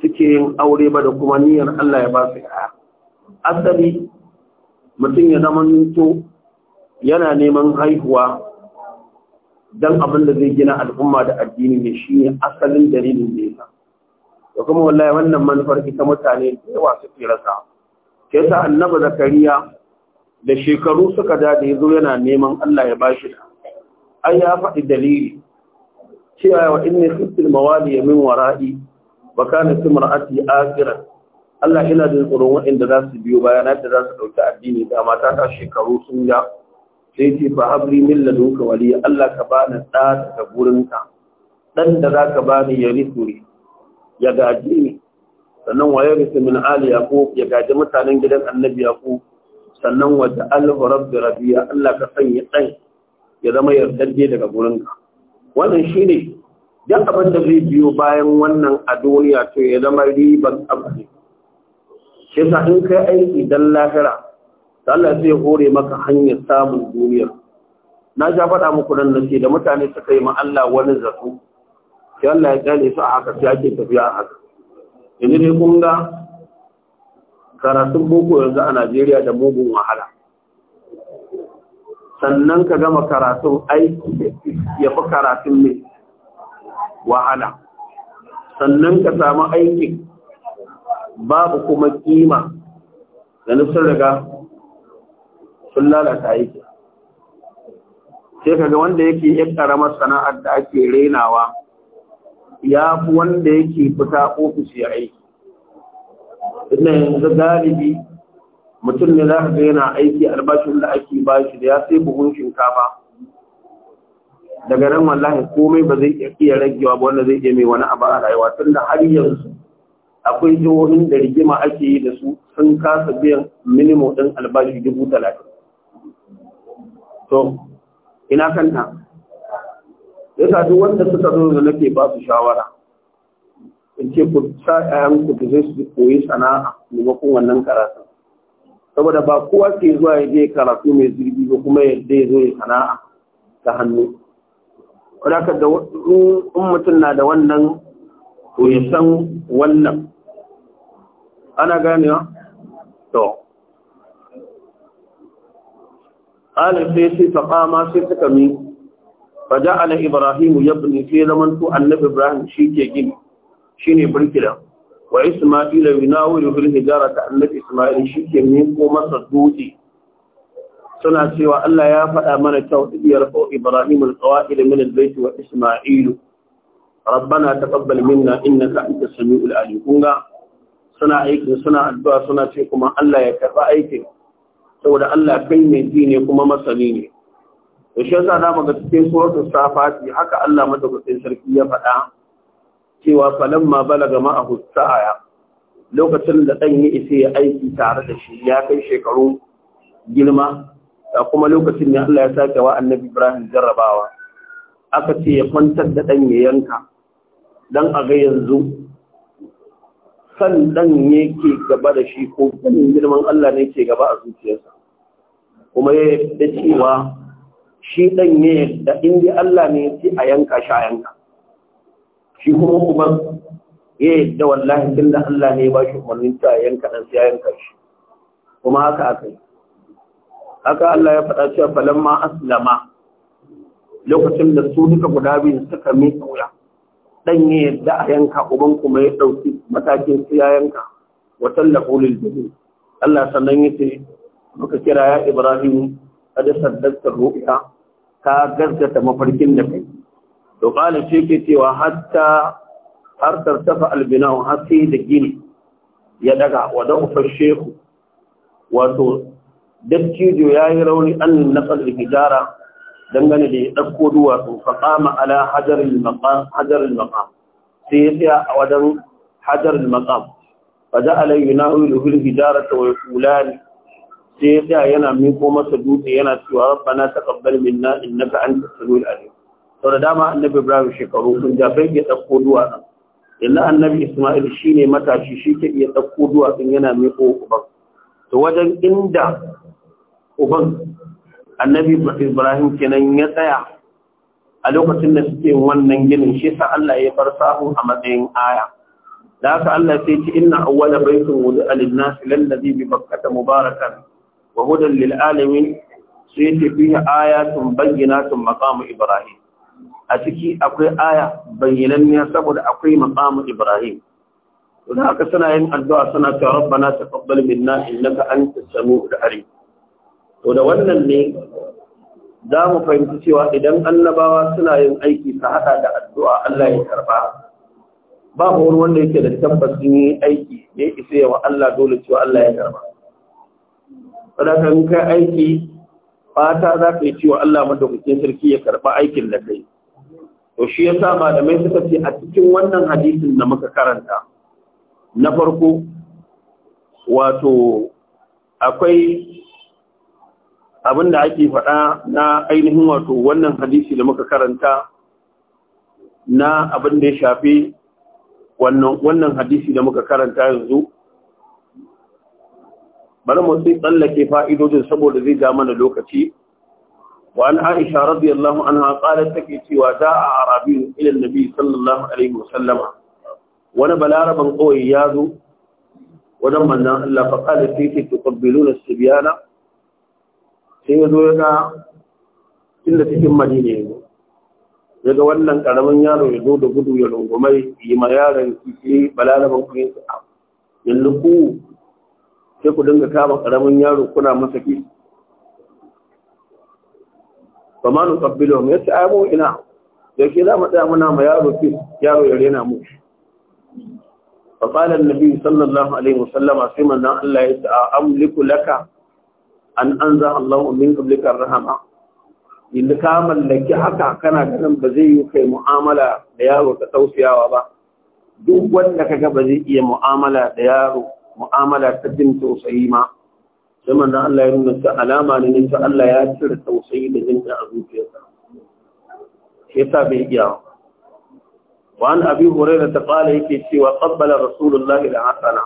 suke yin aure ba da kuma niyyar Allah ya ba su yaya asali mutum ya zama to yana neman haihuwa don abin da zai gina al'umma da addini ne shi ne asalin dalilin da yasa da kuma wallahi wannan manufar ita mutane da yawa suke rasa ke sa annabi zakariya da shekaru suka da ya zo yana neman Allah ya ba shi da ai ya faɗi dalili cewa wa inni khiftul mawali min wara'i wa kanat imra'ati akhiran Allah ina da tsoron waɗanda za su biyo bayan da za su ɗauki addini da mata ta shekaru sun ja sai ce fa habri min ladunka wali Allah ka bani ɗa daga gurinka ɗan da za ka bani ya rikuri ya gaji ni sannan wa ya risu min ali yaqub ya gaji mutanen gidan annabi ko sannan wa ja'alhu rabbi rabiya Allah ka sanya ɗan ya zama yardajje daga gurinka wannan shi ne duk abin da zai biyo bayan wannan a duniya to ya zama riban abu shi sa in kai aiki dan lahira Allah zai hore maka hanyar samun duniya na ja faɗa muku nan nace da mutane suka yi ma'alla Allah wani zato sai Allah ya gane su a haka sai ake tafiya a haka yanzu dai kun karatun boko yanzu a Najeriya da mugun wahala sannan ka gama karatun aiki ya fi karatun mai wahala sannan ka samu aiki babu kuma kima da nufin daga sun lalata aiki sai kaga wanda yake ya karamar sana'ar da ake renawa ya fi wanda yake fita ofis ya aiki ina yanzu galibi mutum ne za ka ga yana aiki albashin da ake ba shi da ya sai buhun shinkafa daga nan wallahi komai ba zai iya ragewa ba wanda zai iya mai wani abu a rayuwa tunda har yanzu akwai jihohin da rigima ake yi da su sun kasa biyan minimo ɗin albashi dubu talatin to ina kanta sa duk wanda suka zo da nake ba su shawara in ce ku sa ƴaƴan ku su koyi sana'a maimakon wannan karatun saboda ba kowa ke zuwa ya je karatu mai zirgi ko kuma ya dai zo ya sana'a ta hannu wadaka da in mutum na da wannan to ya san wannan ana gane wa to ala sai sai faɗa ma sai suka mi faja ala ibrahimu ya bani sai zamanto annabi ibrahim shi ke gini shi ne birkidan wa isma'ila yunawilu fil hijarata annabi isma'il shike ne ko masa dutse suna cewa Allah ya faɗa mana tawdiyar ko ibrahim alqawaid min al-bayt wa isma'il rabbana taqabbal minna innaka antas samiul alim kunga suna aikin suna addu'a suna ce kuma Allah ya karba aikin saboda Allah kai ne ji kuma masani ne da shi yasa zamu ga cikin suratul safati haka Allah madaukakin sarki ya faɗa cewa ma Bala balaga ma'ahu sa'aya lokacin da ɗan yi isa ya aiki tare da shi ya kai shekaru girma da kuma lokacin ne Allah ya sake wa annabi Ibrahim jarrabawa aka ce ya kwantar da ɗan ya yanka don a ga yanzu san ɗan yake gaba da shi ko ganin girman Allah ne ke gaba a zuciyarsa kuma ya da cewa shi ɗan ne da inda Allah ne ya ce a yanka shi a yanka shi kuma kuma ya yadda wallahi tun da Allah ne ya ba shi umarnin ta yanka ɗan sai ya yanka shi kuma haka aka yi haka Allah ya faɗa cewa falamma aslama lokacin da su duka guda biyu suka miƙa wuya dan ya yadda a yanka uban kuma ya ɗauki matakin su ya yanka wa tallafu lil Allah sannan yace muka kira ya Ibrahim kada saddaqta ru'ya ka gaskata mafarkin da kai to qala shi ke cewa hatta har tartafa albinau har sai da gini ya daga wa dan sheku wato dattijo ya yi rauni an naqal hijara dangane da ya dauko duwatsu fa qama ala hajar al maqam sai ya tsaya a wajen hajar al maqam fa ja'ala yunawilu al hijara wa yaqulani sai ya tsaya yana miko masa dutse yana cewa rabbana taqabbal minna innaka antas samiul alim sau da dama annabi ibrahim shekaru sun ja bai ya ɗauko duwatsun yanzu annabi isma'il shine matashi shi ke iya ɗauko duwatsun yana miƙo uban to wajen inda uban annabi ibrahim kenan ya tsaya a lokacin da suke wannan ginin shi sa Allah ya bar sahu a matsayin aya da haka Allah sai ce inna awwala baitin wudu alinnas da bi bakkata mubarakan wa hudan lil ya sai ce sun bayyana sun maqamu ibrahim a ciki akwai aya bayyananniya saboda akwai maqamu Ibrahim don haka suna yin addu'a suna cewa rabbana taqabbal minna innaka antas samiul alim to da wannan ne za mu fahimci cewa idan annabawa suna yin aiki su haɗa da addu'a Allah ya karba ba wani wanda yake da tabbas yin aiki ne ya isa wa Allah dole cewa Allah ya karba sadakan kai aiki fata za ka yi cewa Allah madaukakin sarki ya karba aikin da kai to shi yasa malamai suka ce a cikin wannan hadisin da muka karanta na farko wato akwai abin da ake faɗa na ainihin wato wannan hadisi da muka karanta na abin da ya shafi wannan hadisi da muka karanta yanzu bari mu sai tsallake fa'idodin saboda zai ja mana lokaci وعن عائشة رضي الله عنها قالت تكيتي جاء عربي إلى النبي صلى الله عليه وسلم وانا بلاربا قوي ياذو ودمنا الله فقال فيك تقبلون السبيان سيدو يقع إلا تكم مدينة daga wannan karamin yaro ya zo da gudu ya rungumai yi ma yaron kike balalaban kuyin su yanzu ku sai ku dinga kama karamin yaro kuna masa kike ba ma nukabbilu mu yace ai mu ina yake za mu tsaya muna ma yaro fi yaro ya rena mu fa qala annabi sallallahu alaihi wasallama sai manzon Allah ya ta amliku laka an anza Allah min qablika rahama inda ka mallaki haka kana ganin ba zai yi kai mu'amala da yaro ka tausiyawa ba duk wanda kaga ba zai iya mu'amala da yaro mu'amala ta jin tausayi ma sai manzo Allah ya nuna alama ne nake Allah ya cire tausayi da jin da abubuwan sa sai ta bai iya wa an abi hurairah ta kala yake cewa qabbala rasulullahi da hasana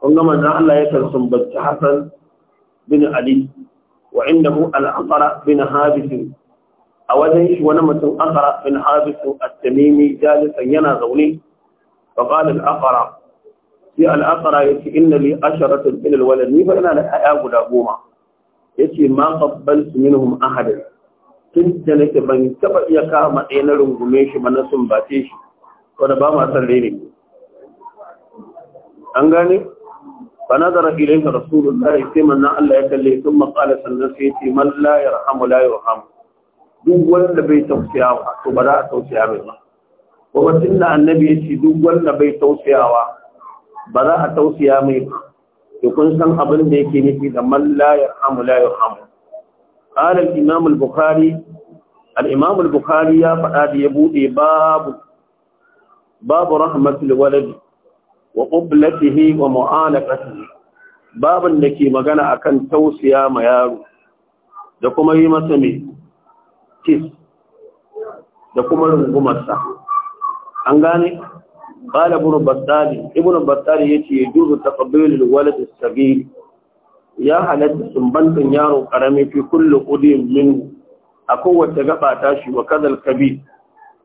kun ga manzo Allah ya karsun bacci hasan bin ali wa indahu al-aqra bin habis a wajen shi wani mutum Akra bin habis at-tamimi jalisan yana zaune fa qala al-aqra sai al'asara ya ce inna li asharatun ilal walad ni fa ina da ƴaƴa guda goma Ya yace ma qabbaltu minhum ahadan tun da nake ban taɓa iya kama ɗaya na rungume shi ba na sumbace shi wanda ba ma san ne. an gane fa nazara ilayka rasulullahi sai manzon Allah ya kalle sun qala sannan sai yace man la yarhamu la yarhamu duk wanda bai tausayawa to ba za a tausaya mai ba kuma tunda annabi ya ce duk wanda bai tausayawa ba za a tausiya mai to kun san abin da yake nufi da man la yarhamu la yarhamu قال الإمام البخاري الإمام البخاري فقد يبودي باب باب رحمة الولد وقبلته ومعانقته باب النكي مغانا أكن توسيا ميارو da kuma yi masa mai tis da kuma rungumarsa an gane قال ابن بطال ابن بطال يتي يجوز تقبيل الولد الصغير يا حالت سنبنت يارو قرمي في كل قديم منه أقوة تقبع تاشي وكذا الكبير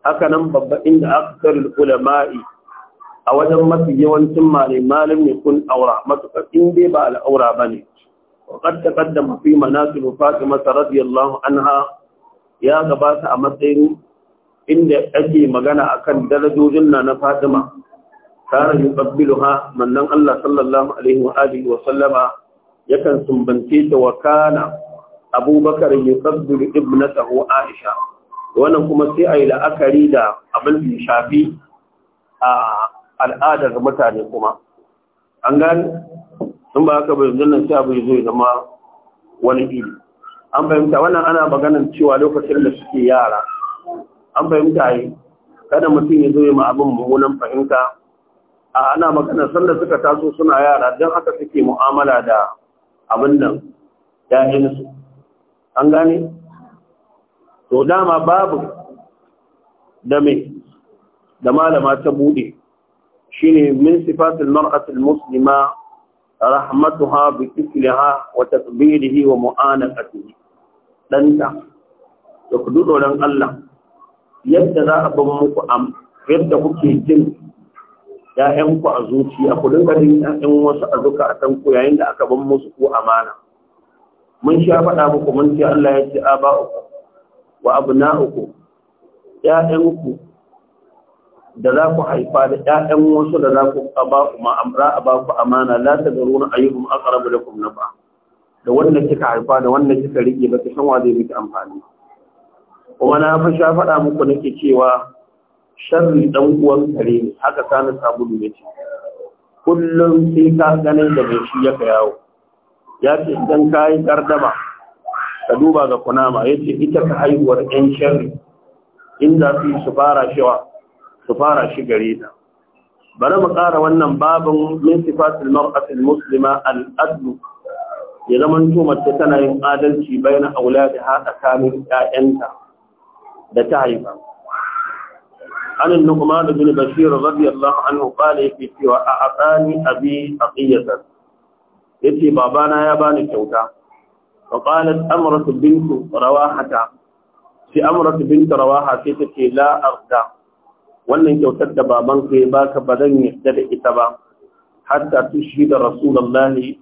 haka nan babba inda aksar ulama'i a wajen mafi yawancin malam ne kun aura matuƙar in dai ba al'aura ba ne waƙar ta ƙaddama fi manasibu fatima radiyallahu anha ya gabata a matsayin inda ake magana akan darajojin na na Fatima kana ha, mannan Allah sallallahu alaihi wa alihi wa sallama yakan sumbance ta wa kana Abubakar na ibnatahu Aisha wannan kuma sai ayi la'akari da abin da shafi a al'adar mutane kuma an gani sun ba haka bai nan sai abu zo ya zama wani iri an fahimta wannan ana maganar cewa lokacin da suke yara an fahimta yi kada mutum ya zo ya ma abin mummunan fahimta a ana magana sanda suka taso suna yara don haka suke mu'amala da abin nan su. an gane to dama babu da da malama ta buɗe shine min sifatul mar'atul muslima rahmatuha bi kifliha wa tadbirihi wa mu'anaqatihi danta to kudu Allah yadda za a ban muku am yadda kuke jin ‘ya'yanku a zuciya ku dinga jin ‘ya'yan wasu a zuka a tanku yayin da aka ban musu ko amana mun sha faɗa muku mun ce Allah ya ce aba uku wa uku, ‘ya'yanku da za ku haifa da ‘ya'yan wasu da za ku ba ku ma'amra a ba ku amana la ta zaro na ayyukum aqrabu lakum nafa da wanda kika haifa da wanda kika rike ba ta san wa zai miki amfani kuma na fi sha faɗa muku nake cewa sharri dan uwan kare ne haka sani sabulu ya ce kullum sai ka ganin da mai shi ya yawo ya ce idan ka yi kardama ka duba ga kunama ya ce ita ka haihuwar yan sharri inda su su fara shiwa su fara shi gare ta bari mu ƙara wannan babin min sifatul mar'atil muslima al ya zama mace tana yin adalci bayan auladiha tsakanin ƴaƴanta da ta haifa. An lukuma da bin Bashir radiyallahu anhu kwale fi cewa a asani abi aqiyatan. Yace babana ya bani kyauta. Wa qalat amratu bintu rawahata. Si amratu bintu rawaha sai ta ce la arda. Wannan kyautar da baban ka ya baka ba zan yadda da ita ba. Hatta tushi da Rasulullahi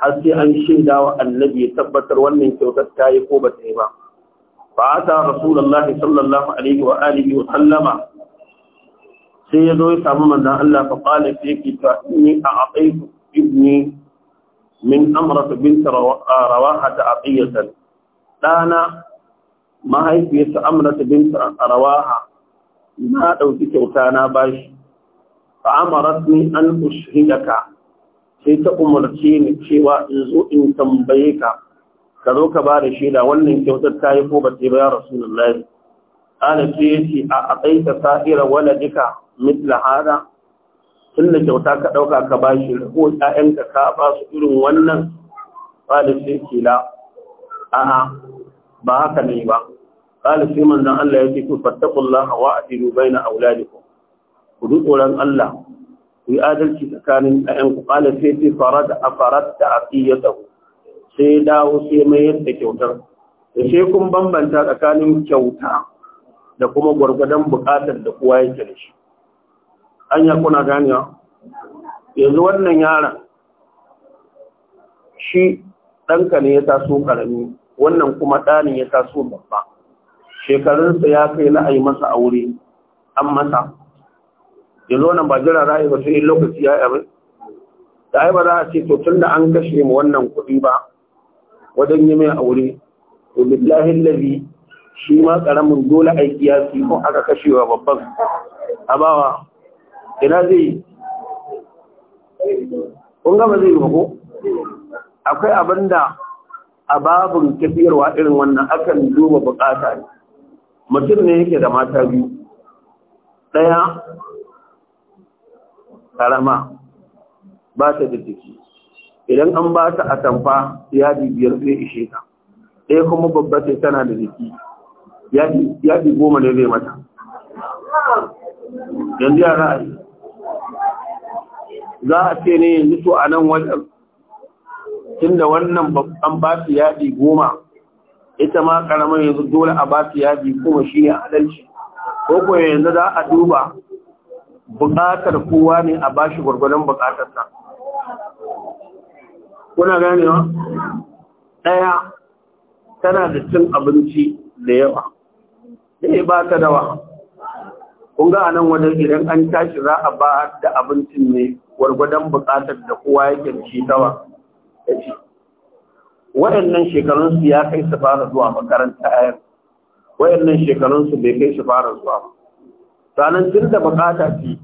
har sai an shaidawa wa ya tabbatar wannan kyautar ta yi ko ba ta ba. ba'ata rasulullah sallallahu alaihi wa alihi wa sallama sai yazo ya samu manzon Allah fa qala fi kitab inni a'taytu ibni min amra bint rawaha ta aqiyatan dana mahaifiyarsa amrata bint rawaha na ɗauki kyauta na bashi fa amaratni an ushidaka sai ta umarce ni cewa in zo in tambaye ka ka zo ka ba da shaida wannan kyautar ta yi ko ba ta ba ya rasulullahi ana ce ya ce a aƙaita sa'ira wala duka mitla hada tun da kyauta ka ɗauka ka ba shi ko ƴaƴanka ka ba su irin wannan ƙala sai ke la a'a ba haka ne ba ƙala sai manzon Allah ya ce ku fattaqullaha wa adilu baina auladikum ku duk tsoron Allah ku yi adalci tsakanin ɗayan ku ƙala sai ce farad a farad da aqiyatahu sai dawo sai mayar da kyautar da shi kun bambanta tsakanin kyauta da kuma gwargwadon buƙatar da kowa yake da shi an ya kuna ganewa yanzu wannan yaron shi ɗanka ne ya taso ƙarami wannan kuma ɗanin ya taso babba shekarunsa ya kai na a yi masa aure an masa yanzu wannan ba jira ra'ayi ba sai lokaci ya yi abin da ai ba za a ce to tun da an kashe mu wannan kuɗi ba wajen yi mai aure to billahi shi ma karamin dole a kiyasi ko aka kashewa babban abawa ina zai kun gama zai yi ko akwai abinda da a babin tafiyarwa irin wannan akan duba bukata ne mutum ne yake da mata biyu ɗaya ƙarama ba ta da ciki idan an ba ta atamfa yadi biyar zai ishe ta ɗaya kuma babba ce tana da jiki yadi goma ne zai mata yanzu ya ra'ayi za a ce ne yanzu to a nan wajen tun da wannan babban ba su yadi goma ita ma karamar yanzu dole a ba su yadi kuma shi ne adalci ko ko yanzu za a duba buƙatar kowa ne a ba shi gwargwadon buƙatarsa kuna ganewa ɗaya tana da cin abinci da yawa ɗaya eh, ba ta dawa kun ga anan wajen idan an tashi za a ba da abincin ne gwargwadon buƙatar da kowa yake da shi dawa da shi waɗannan shekarunsu ya kai su fara zuwa makaranta ayar waɗannan shekarunsu bai kai su fara zuwa ba sanan tun da buƙata ce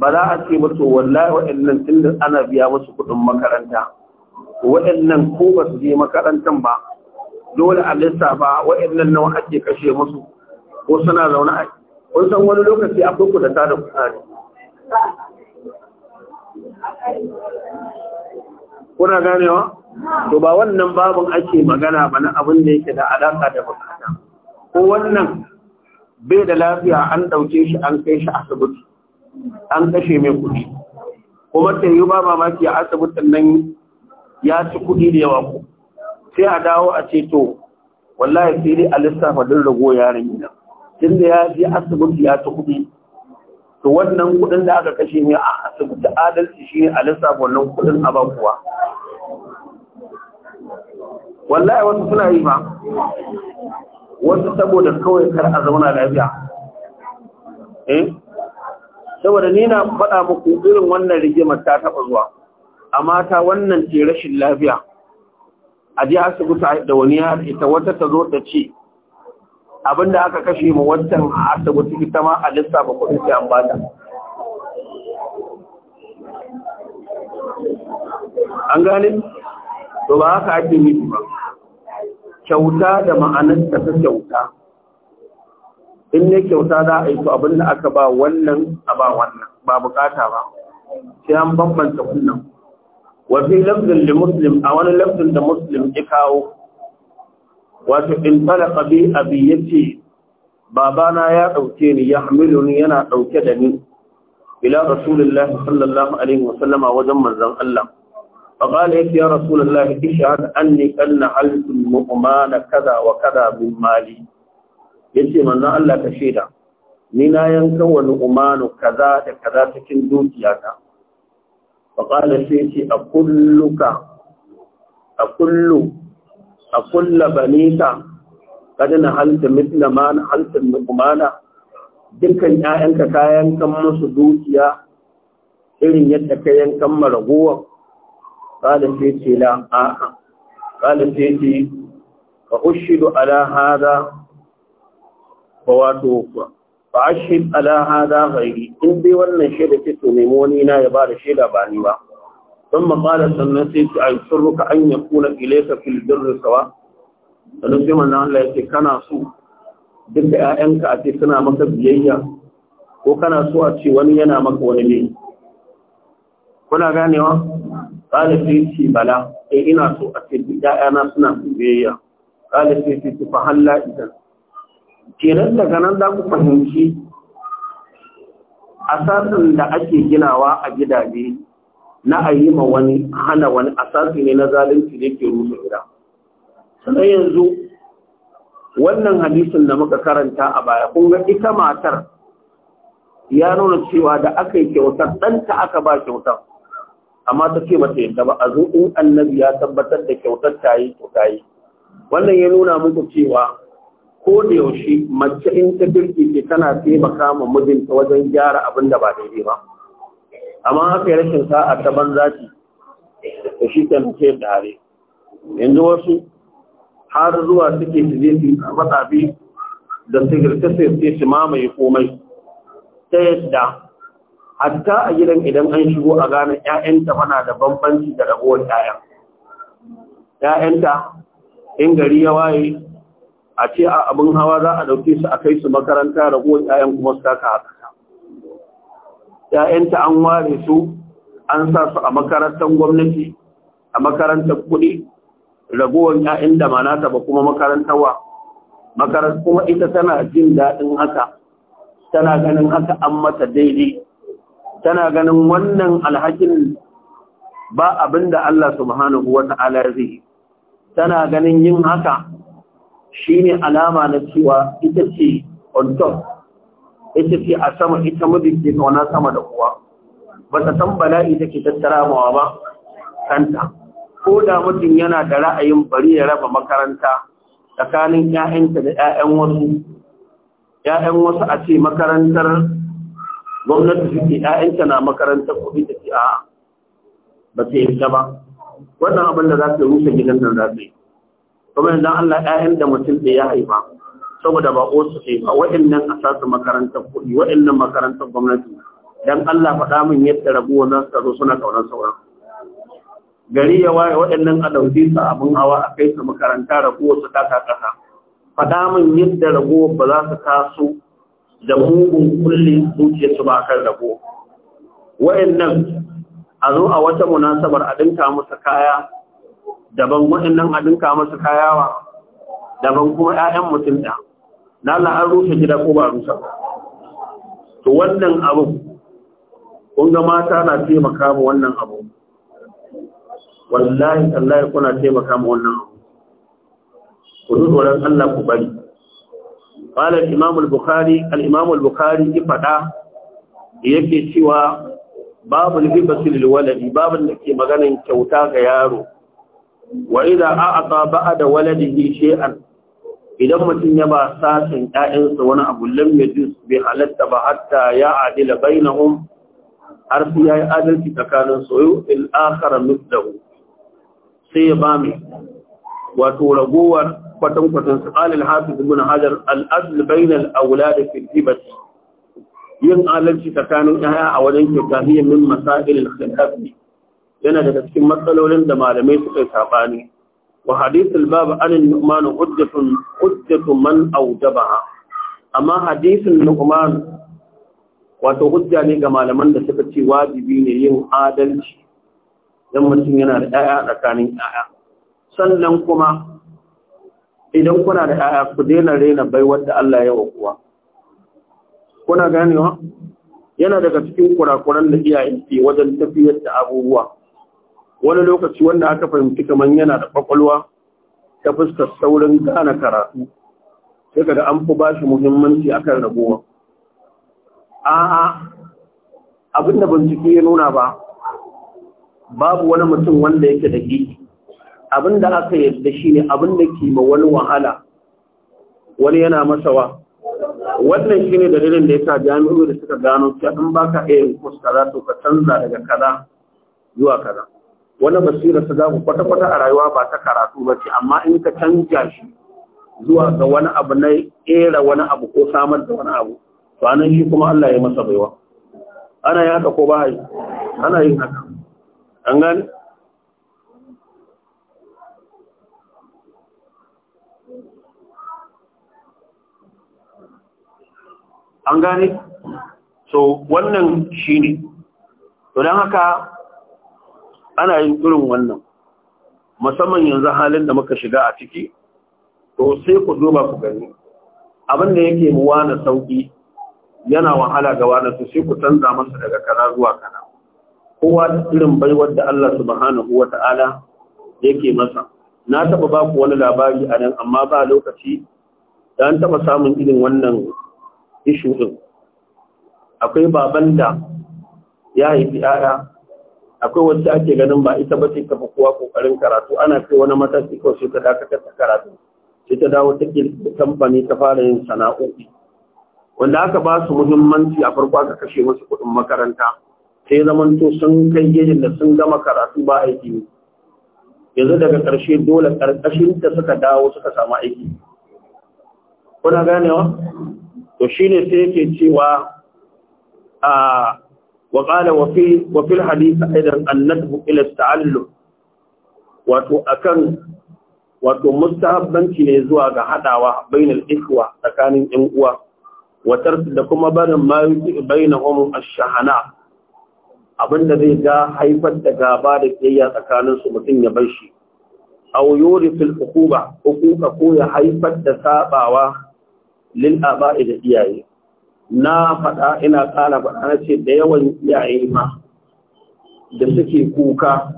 ba za a ce ba to wallahi waɗannan tun da ana biya musu kuɗin makaranta waɗannan ko ba su je makarantar ba dole a lissafa waɗannan nawa ake kashe musu ko suna zaune a kun san wani lokaci a kurku da ta da kusari kuna ganewa to ba wannan babin ake magana ba na abin da yake da alaƙa da bukata ko wannan bai da lafiya an ɗauke shi an kai shi asibiti an kashe mai kuɗi kuma ta yi ba mamaki a asibitin nan ya ci kuɗi da yawa ku sai a dawo a ce to wallahi sai dai a lissafa din rago yaron gida tun da ya je asibiti ya ci kuɗi to wannan kuɗin da aka kashe ne a asibiti adalci shi ne a lissafa wannan kuɗin a ba kuwa wallahi wasu suna yi ba wasu saboda kawai kar a zauna lafiya eh saboda ni na faɗa muku irin wannan rigimar ta taɓa zuwa a mata wannan ce rashin lafiya a ji asibiti da wani ya ita wata ta zo ta ce abinda aka kashe ma wancan a asibiti ita ma a lissafa kudin sai an bata an gane to ba haka ake nufi ba kyauta da ma'anar ta ta kyauta in ne kyauta za a yi to abinda aka ba wannan a ba wannan ba bukata ba sai an bambanta wannan wafi lafzin da muslim a wani lafzin da muslim ya kawo wato in talaka abi ya ce babana ya ɗauke ni ya hamilu ni yana ɗauke da ni ila rasulullahi sallallahu alaihi wasallama wajen manzan Allah فقال إيه يا رسول na اشهد أني قد نحلت wa كذا وكذا mali. Ya yace manzan Allah ka shaida ni na yanka wani umanu kaza da kaza cikin dukiyata faƙala sai ce a kulluka a kullu kulla banita kada na halta mitla mana halta lukumana dukkan ƴaƴanka ka yankan musu dukiya irin yadda ka yankan maragowar ƙala sai ce a'a ƙala sai ka ushidu ala hada ba wato ba ashhid ala hadha ghairi in dai wannan shaida ce to nemo wani na ya ba da shaida ba ni ba ثم قال sannan sai ce ai surruka an yakuna ilayka fil dirr sawa sannan sai manzon Allah yake kana so duk ƴaƴanka a ce suna maka biyayya ko kana so a ce wani yana maka wani ne kuna ganewa fi shi bala eh ina so a ce duk ƴaƴana suna biyayya fi shi ta halla idan kenan daga nan za ku fahimci asasin da ake ginawa a gidaje na a ma wani hana wani asasi ne na zalunci da ke rusa gida sannan yanzu wannan hadisin da muka karanta a baya kun ga ita matar ya nuna cewa da aka yi kyautar ɗanta aka ba kyautar amma ta ce mata yadda ba a zo in annabi ya tabbatar da kyautar ta yi to ta yi wannan ya nuna muku cewa ko da yaushe mace in ta ce tana taimaka ma mijinta wajen gyara abin da ba daidai ba amma haka rashin sa'a ta banza ce da shi ta nufe da hare yanzu wasu har zuwa suke su je su matsafi da sigirce su mamaye komai ta yadda hatta a gidan idan an shigo a gane ‘ya'yanta mana da bambanci da ragowar ‘ya'yan. ‘ya'yanta in gari ya waye a ce a abin hawa za a ɗauke su a kai su makaranta ragowar 'ya'yan kuma su taka haka ‘ya'yanta an ware su an sa su a makarantar gwamnati a makarantar kuɗi ragowar ‘ya'yan da manata ba kuma makarantarwa makarantar kuma ita tana jin daɗin haka tana ganin haka an mata daidai tana ganin wannan alhakin ba abin da Allah subhanahu wa ta'ala zai tana ganin yin haka Shi ne alama na cewa ita ce on top ita ce a sama ita mudin ke kauna sama da kuwa. ba ta san bala'i take tattara mawa ba kanta ko da mutum yana da ra'ayin bari ya raba makaranta tsakanin 'ya'yanta da 'ya'yan wasu 'ya'yan wasu a ce makarantar gwamnati suke 'ya'yanta na makarantar kuɗi da a ba ta yi ba wannan abin da za ta rusa gidan nan za ta yi kuma idan Allah ƴaƴan da mutum da ya haifa saboda ba su ce ba waɗannan a sasu makarantar kuɗi waɗannan makarantar gwamnati dan Allah faɗa min yadda rabuwa za su suna ƙaunar sauran gari ya waye waɗannan a ɗauke sa abin hawa a kai su makaranta raguwa su taka ƙasa faɗa min yadda rabuwa ba za su taso da mugun kulle su ba kan rabuwa. wa'annan a zo a wata munasabar a dinka musu kaya daban waɗannan abin ka masu kayawa daban kuma 'ya'yan mutum da na Allah an rushe gida ko ba rusa to wannan abu kun ga mata na taimaka ma wannan abu wallahi tallahi kuna taimaka ma wannan abu ku tsoron Allah ku bari قال الإمام البخاري الإمام البخاري فدا yake cewa babu libasi lil waladi babu da ke maganan kyauta ga yaro wa idza a'ata ba'da waladihi shay'an idan mutum ya ba sasin ƴaƴansa wani abu lam yajus bi halatta ba hatta ya adila bainahum har sai yayi adalci tsakanin soyo il akhara mislahu sai ya bami, wato ragowar kwatan kwatan su qalil hafiz ibn hajar al adl bain al awlad fi hibati yin adalci tsakanin ƴaƴa a wajen kitabiyyah min masail al khilafi yana daga cikin matsalolin da malamai suka sabani wa hadithul bab an nu'man hujjatun hujjatun man awjabaha amma hadithul nu'man wato hujja ne ga malaman da suka ce wajibi ne yin adalci dan mutum yana da ƴaƴa tsakanin ƴaƴa sannan kuma idan kuna da ƴaƴa ku daina rena baiwar da Allah ya wakuwa kuna ganewa yana daga cikin kurakuran da iyayen ke wajen tafiyar da abubuwa wani lokaci wanda aka fahimci kamar yana da kwakwalwa ta fuskar saurin gane karatu sai kaga an fi bashi muhimmanci akan ragowa a'a abin da bincike ya nuna ba babu wani mutum wanda yake da gidi abin da aka yadda shi ne abin da ke ma wani wahala wani yana masawa wannan shi ne dalilin da ya sa jami'u da suka gano cewa in baka iya yin za to ka canza daga kaza zuwa kaza wani basira su zaku kwata-kwata a rayuwa ba ta karatu ba ce amma in ka canja shi zuwa ga wani abu na ƙera wani abu ko samar da wani abu to anan shi kuma Allah ya masa baiwa ana yi haka ko ba yi ana yin haka an gane an gane so wannan shi ne to don haka ana yin irin wannan musamman yanzu halin da muka shiga a ciki to sai ku duba ku gani abin da yake muwa na sauki yana wahala ga wani su sai ku canza masa daga kaza zuwa kaza kowa da irin baiwar da Allah subhanahu wata'ala yake masa na taba ba ku wani labari a nan amma ba lokaci da an taba samun irin wannan issue din akwai baban da ya haifi 'ya'ya akwai wacce ake ganin ba ita bace ta kowa kokarin karatu ana kai wani mataki ko sai ta dakatar ta karatu sai ta dawo ta ke kamfani ta fara yin sana'o'i wanda aka ba su muhimmanci a farko aka kashe musu kuɗin makaranta sai zamanto sun kai gejin da sun gama karatu ba aiki ne yanzu daga ƙarshe dole ƙarƙashin da suka dawo suka samu aiki kuna ganewa to shine sai yake cewa a Waƙala وفي وفي الحديث ايضا الندب الى التعلم wato akan wato mustahabbanci ne zuwa ga haɗawa bainal ikhwa tsakanin yan uwa watar da kuma barin ma yuti bainahum ash-shahana abinda zai ga haifar da gaba da kiyayya tsakanin su mutum ya bar shi aw yuri fil uquba uquba ko ya haifar da sabawa lil da iyaye na faɗa ina ƙara faɗa na ce da yawan iyaye ma da suke kuka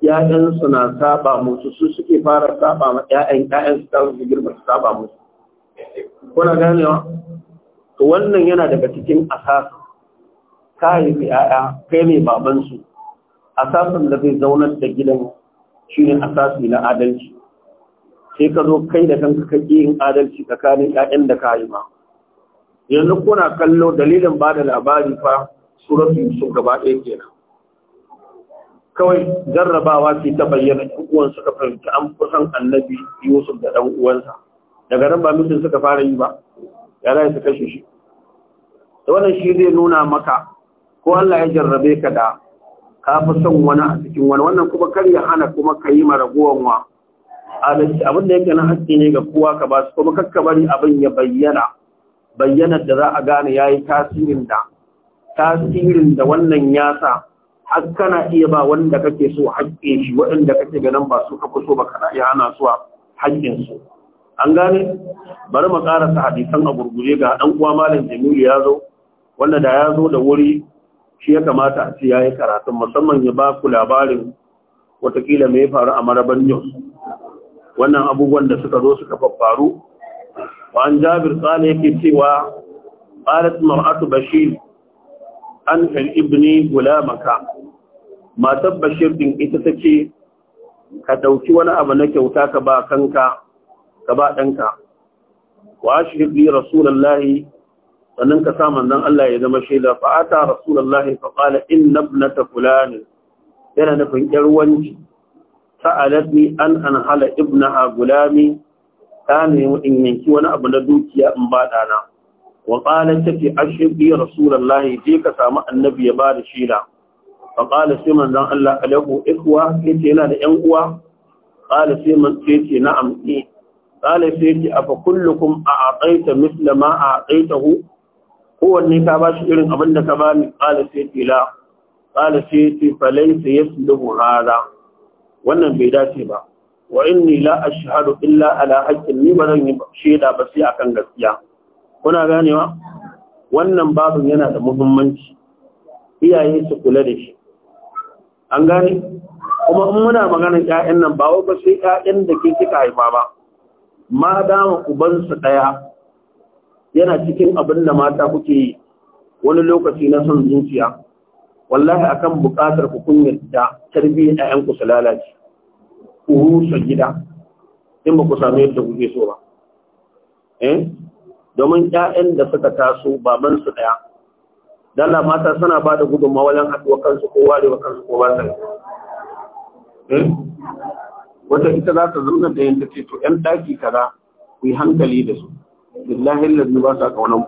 ‘ya'yansu na saba musu su suke fara saba ma ‘ya'yan ‘ya'yansu ta su girma su saba musu. Kuna ganewa? To wannan yana daga cikin asasa, kayi fi ‘ya'ya kai mai babansu, asasan da zai zaunar da gidan shi ne asasi na adalci. Sai ka zo kai da kanka kake yin adalci tsakanin ‘ya'yan da ka yi ma. yanzu kuna kallo dalilin ba da labari fa suratun su gaba ɗaya nan kawai jarrabawa ce ta bayyana uwan suka fahimta an kusan annabi yusuf da ɗan uwansa daga nan ba mutum suka fara yi ba ya rayu su kashe shi da wannan shi zai nuna maka ko Allah ya jarrabe ka da ka fi son wani a cikin wani wannan kuma kar ya hana kuma ka yi maraguwan wa adalci abin da yake na haske ne ga kowa ka ba su kuma kakka bari abin ya bayyana bayyanar da za a gane ya yi tasirin da tasirin da wannan ya sa har kana iya ba wanda kake so haƙƙe shi waɗanda kake ganin ba su kafa so ba kana iya hana su haƙƙinsu an gane bari mu sa hadisan a gurguje ga ɗan uwa malam jamilu ya zo wanda da ya zo da wuri shi ya kamata a ce ya yi karatun musamman ya ba ku labarin watakila mai faru a maraban news wannan abubuwan da suka zo suka faffaru وعن جابر قال يكي سوى قالت مرأة بشير أنح الابن غلامك ما تبشر إن إتتكي كدوتي ولا أبنك وتاك با كنك كبا دنك وأشهد لي رسول الله sannan ka samun nan Allah ya zama shaida fa'ata rasulullahi faƙala in nabnata fulani yana nufin ƴar wanci sa'alatni an an ibnaha gulami ɗani in yanki wani abu na dukiya in ba ɗana wa ƙala ta ce ashirbi je ka samu annabi ya bada da shida fa ƙala sai manzon Allah alahu ikwa yace yana da ƴan uwa ƙala sai man ce na'am eh ƙala sai ce afa kullukum a misla ma a aqaitahu kowanne ka ba shi irin abin da ka ba ni ƙala sai ce la ƙala sai ce falaisa yasluhu hada wannan bai dace ba wa inni la ashhadu illa ala haqqin ni bazan yi shaida ba sai akan gaskiya kuna ganewa wannan babun yana da muhimmanci iyaye su kula da shi an gane kuma in muna maganar ƴaƴan nan ba wai ba sai ƴaƴan da ke kika haifa ba ma dama su ɗaya yana cikin abin da mata kuke yi wani lokaci na son zuciya wallahi akan buƙatar ku kun da tarbiyyar ƴaƴanku su lalace ku gida in ba ku samu yadda kuke so ba eh domin ƴaƴan da suka taso baban su daya dalla mata suna ba da gudunmawa wajen haɗuwa kansu ko warewa kansu ko wasa eh wata ita za ta zama da yanta ce to ƴan daki kaza ku yi hankali da su billahi lallu ba sa kaunan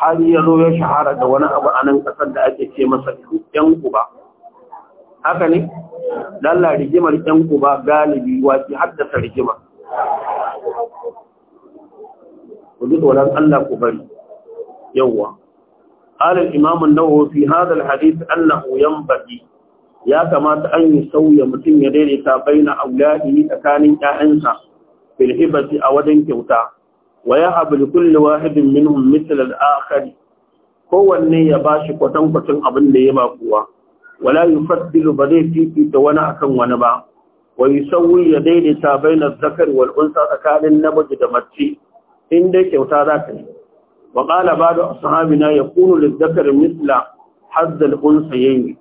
hali ya zo ya shahara da wani abu a nan ƙasar da ake ce masa ƴan uba haka ne dalla rigimar 'yanku ba galibi waki haddasa rigima ku ji tsoron Allah ku bari yawwa قال الإمام hadal في allah الحديث أنه baki, ya kamata an yi sauya mutum ya daidaita baina na tsakanin ‘ya'yansa fil a wajen kyauta wa ya abu kulli wahidin minhum misal kari? kowanne ya ba shi kwatankwacin abin da ya ba kuwa wala yufaddilu ba zai fifita wani akan wani ba wa yusawwi ya daidaita bainar zakar wal unsa tsakanin namiji da mace in dai kyauta za ka yi wa qala ba'du ashabina yakunu lizzakar misla hadd al unsayayn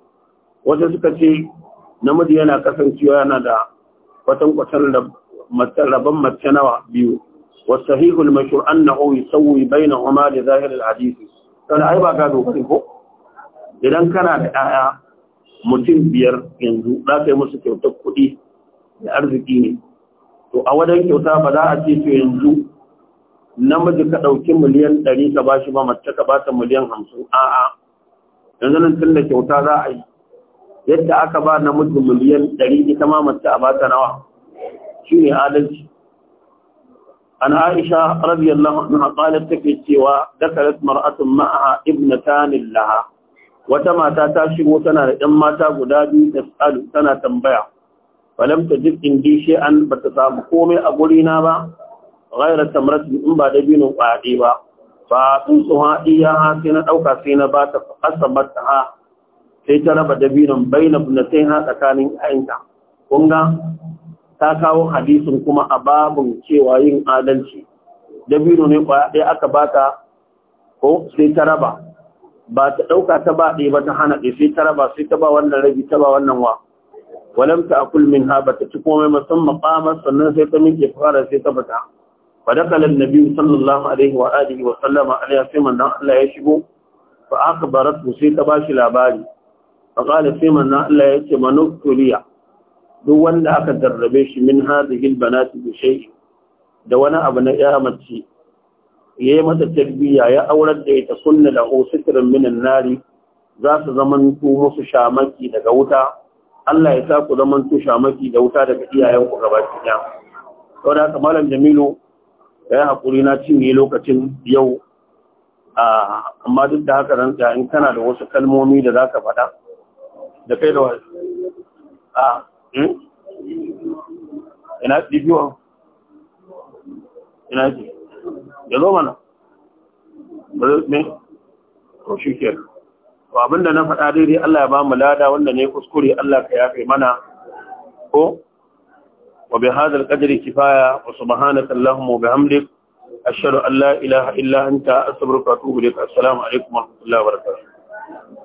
wata suka ce namiji yana kasancewa yana da kwatankwacin rabon mace nawa biyu والصحيح المشروع أنه يسوي بينهما لظاهر الحديث قال أي بقى ko. Idan kana da الآية mutum biyar yanzu za ka yi musu kyautar kuɗi da arziki ne to a wajen kyauta ba za a ce to yanzu namiji ka ɗauki miliyan ɗari ka ba shi ba mace ka ba ta miliyan hamsin a'a yanzu nan tun da kyauta za a yi yadda aka ba namiji miliyan ɗari ita ma mace a ba ta nawa shi ne adalci an aisha radiyallahu anha qalat take cewa dakalat mar'atun ma'aha ibnatan laha wata mata ta shigo tana da ɗan mata guda biyu da tsalu tana tambaya falam ta duk indi shi an ba ta samu komai a gurina ba ghairar tamrat in ba da binin kwaɗe ba Ba tsuntsu ha iya ha sai na ɗauka sai na ba ta kasamar ha sai ta raba da binin bayna bunatai ha tsakanin ayinta kun ga ta kawo hadisin kuma a babin cewa yin adalci dabino ne kwaɗe aka ba ta ko sai ta raba ba ta ɗauka ta ba ɗaya ba ta hana ɗaya sai ta raba sai ta ba wannan rabi ta ba wannan wa walam ta akul min ha ba ta ci komai musamman ƙamar sannan sai ta miƙe fara sai ta fita fa dakala annabi sallallahu alaihi wa alihi wa sallama alaihi sai manzon Allah ya shigo fa akhbaratu sai ta ba shi labari fa qala sai manzon Allah ya ce manukturiya duk wanda aka darrabe shi min hadhihi albanati bi shay'in da wani abu na ya ya yi mata tarbiyya ya aurar da ita kunna da sitirin minin nari za su zaman tu musu shamaki daga wuta Allah ya sa ku zaman tu shamaki da wuta daga iyayen ku gaba ɗaya saboda haka malam Jamilu ya yi hakuri na cinye lokacin yau amma duk da haka ranta in kana da wasu kalmomi da za ka faɗa da kai da wasu a hmm? ina ɗibiwa ina ya mana ne to shi ke to abinda na faɗa daidai Allah ya ba mu lada wanda ne kuskure Allah ka yafe mana ko wa bi hadal qadri kifaya wa subhanaka allahumma wa bihamdik ashhadu an la ilaha illa anta astaghfiruka wa atubu ilaik assalamu alaikum wa rahmatullahi wa barakatuh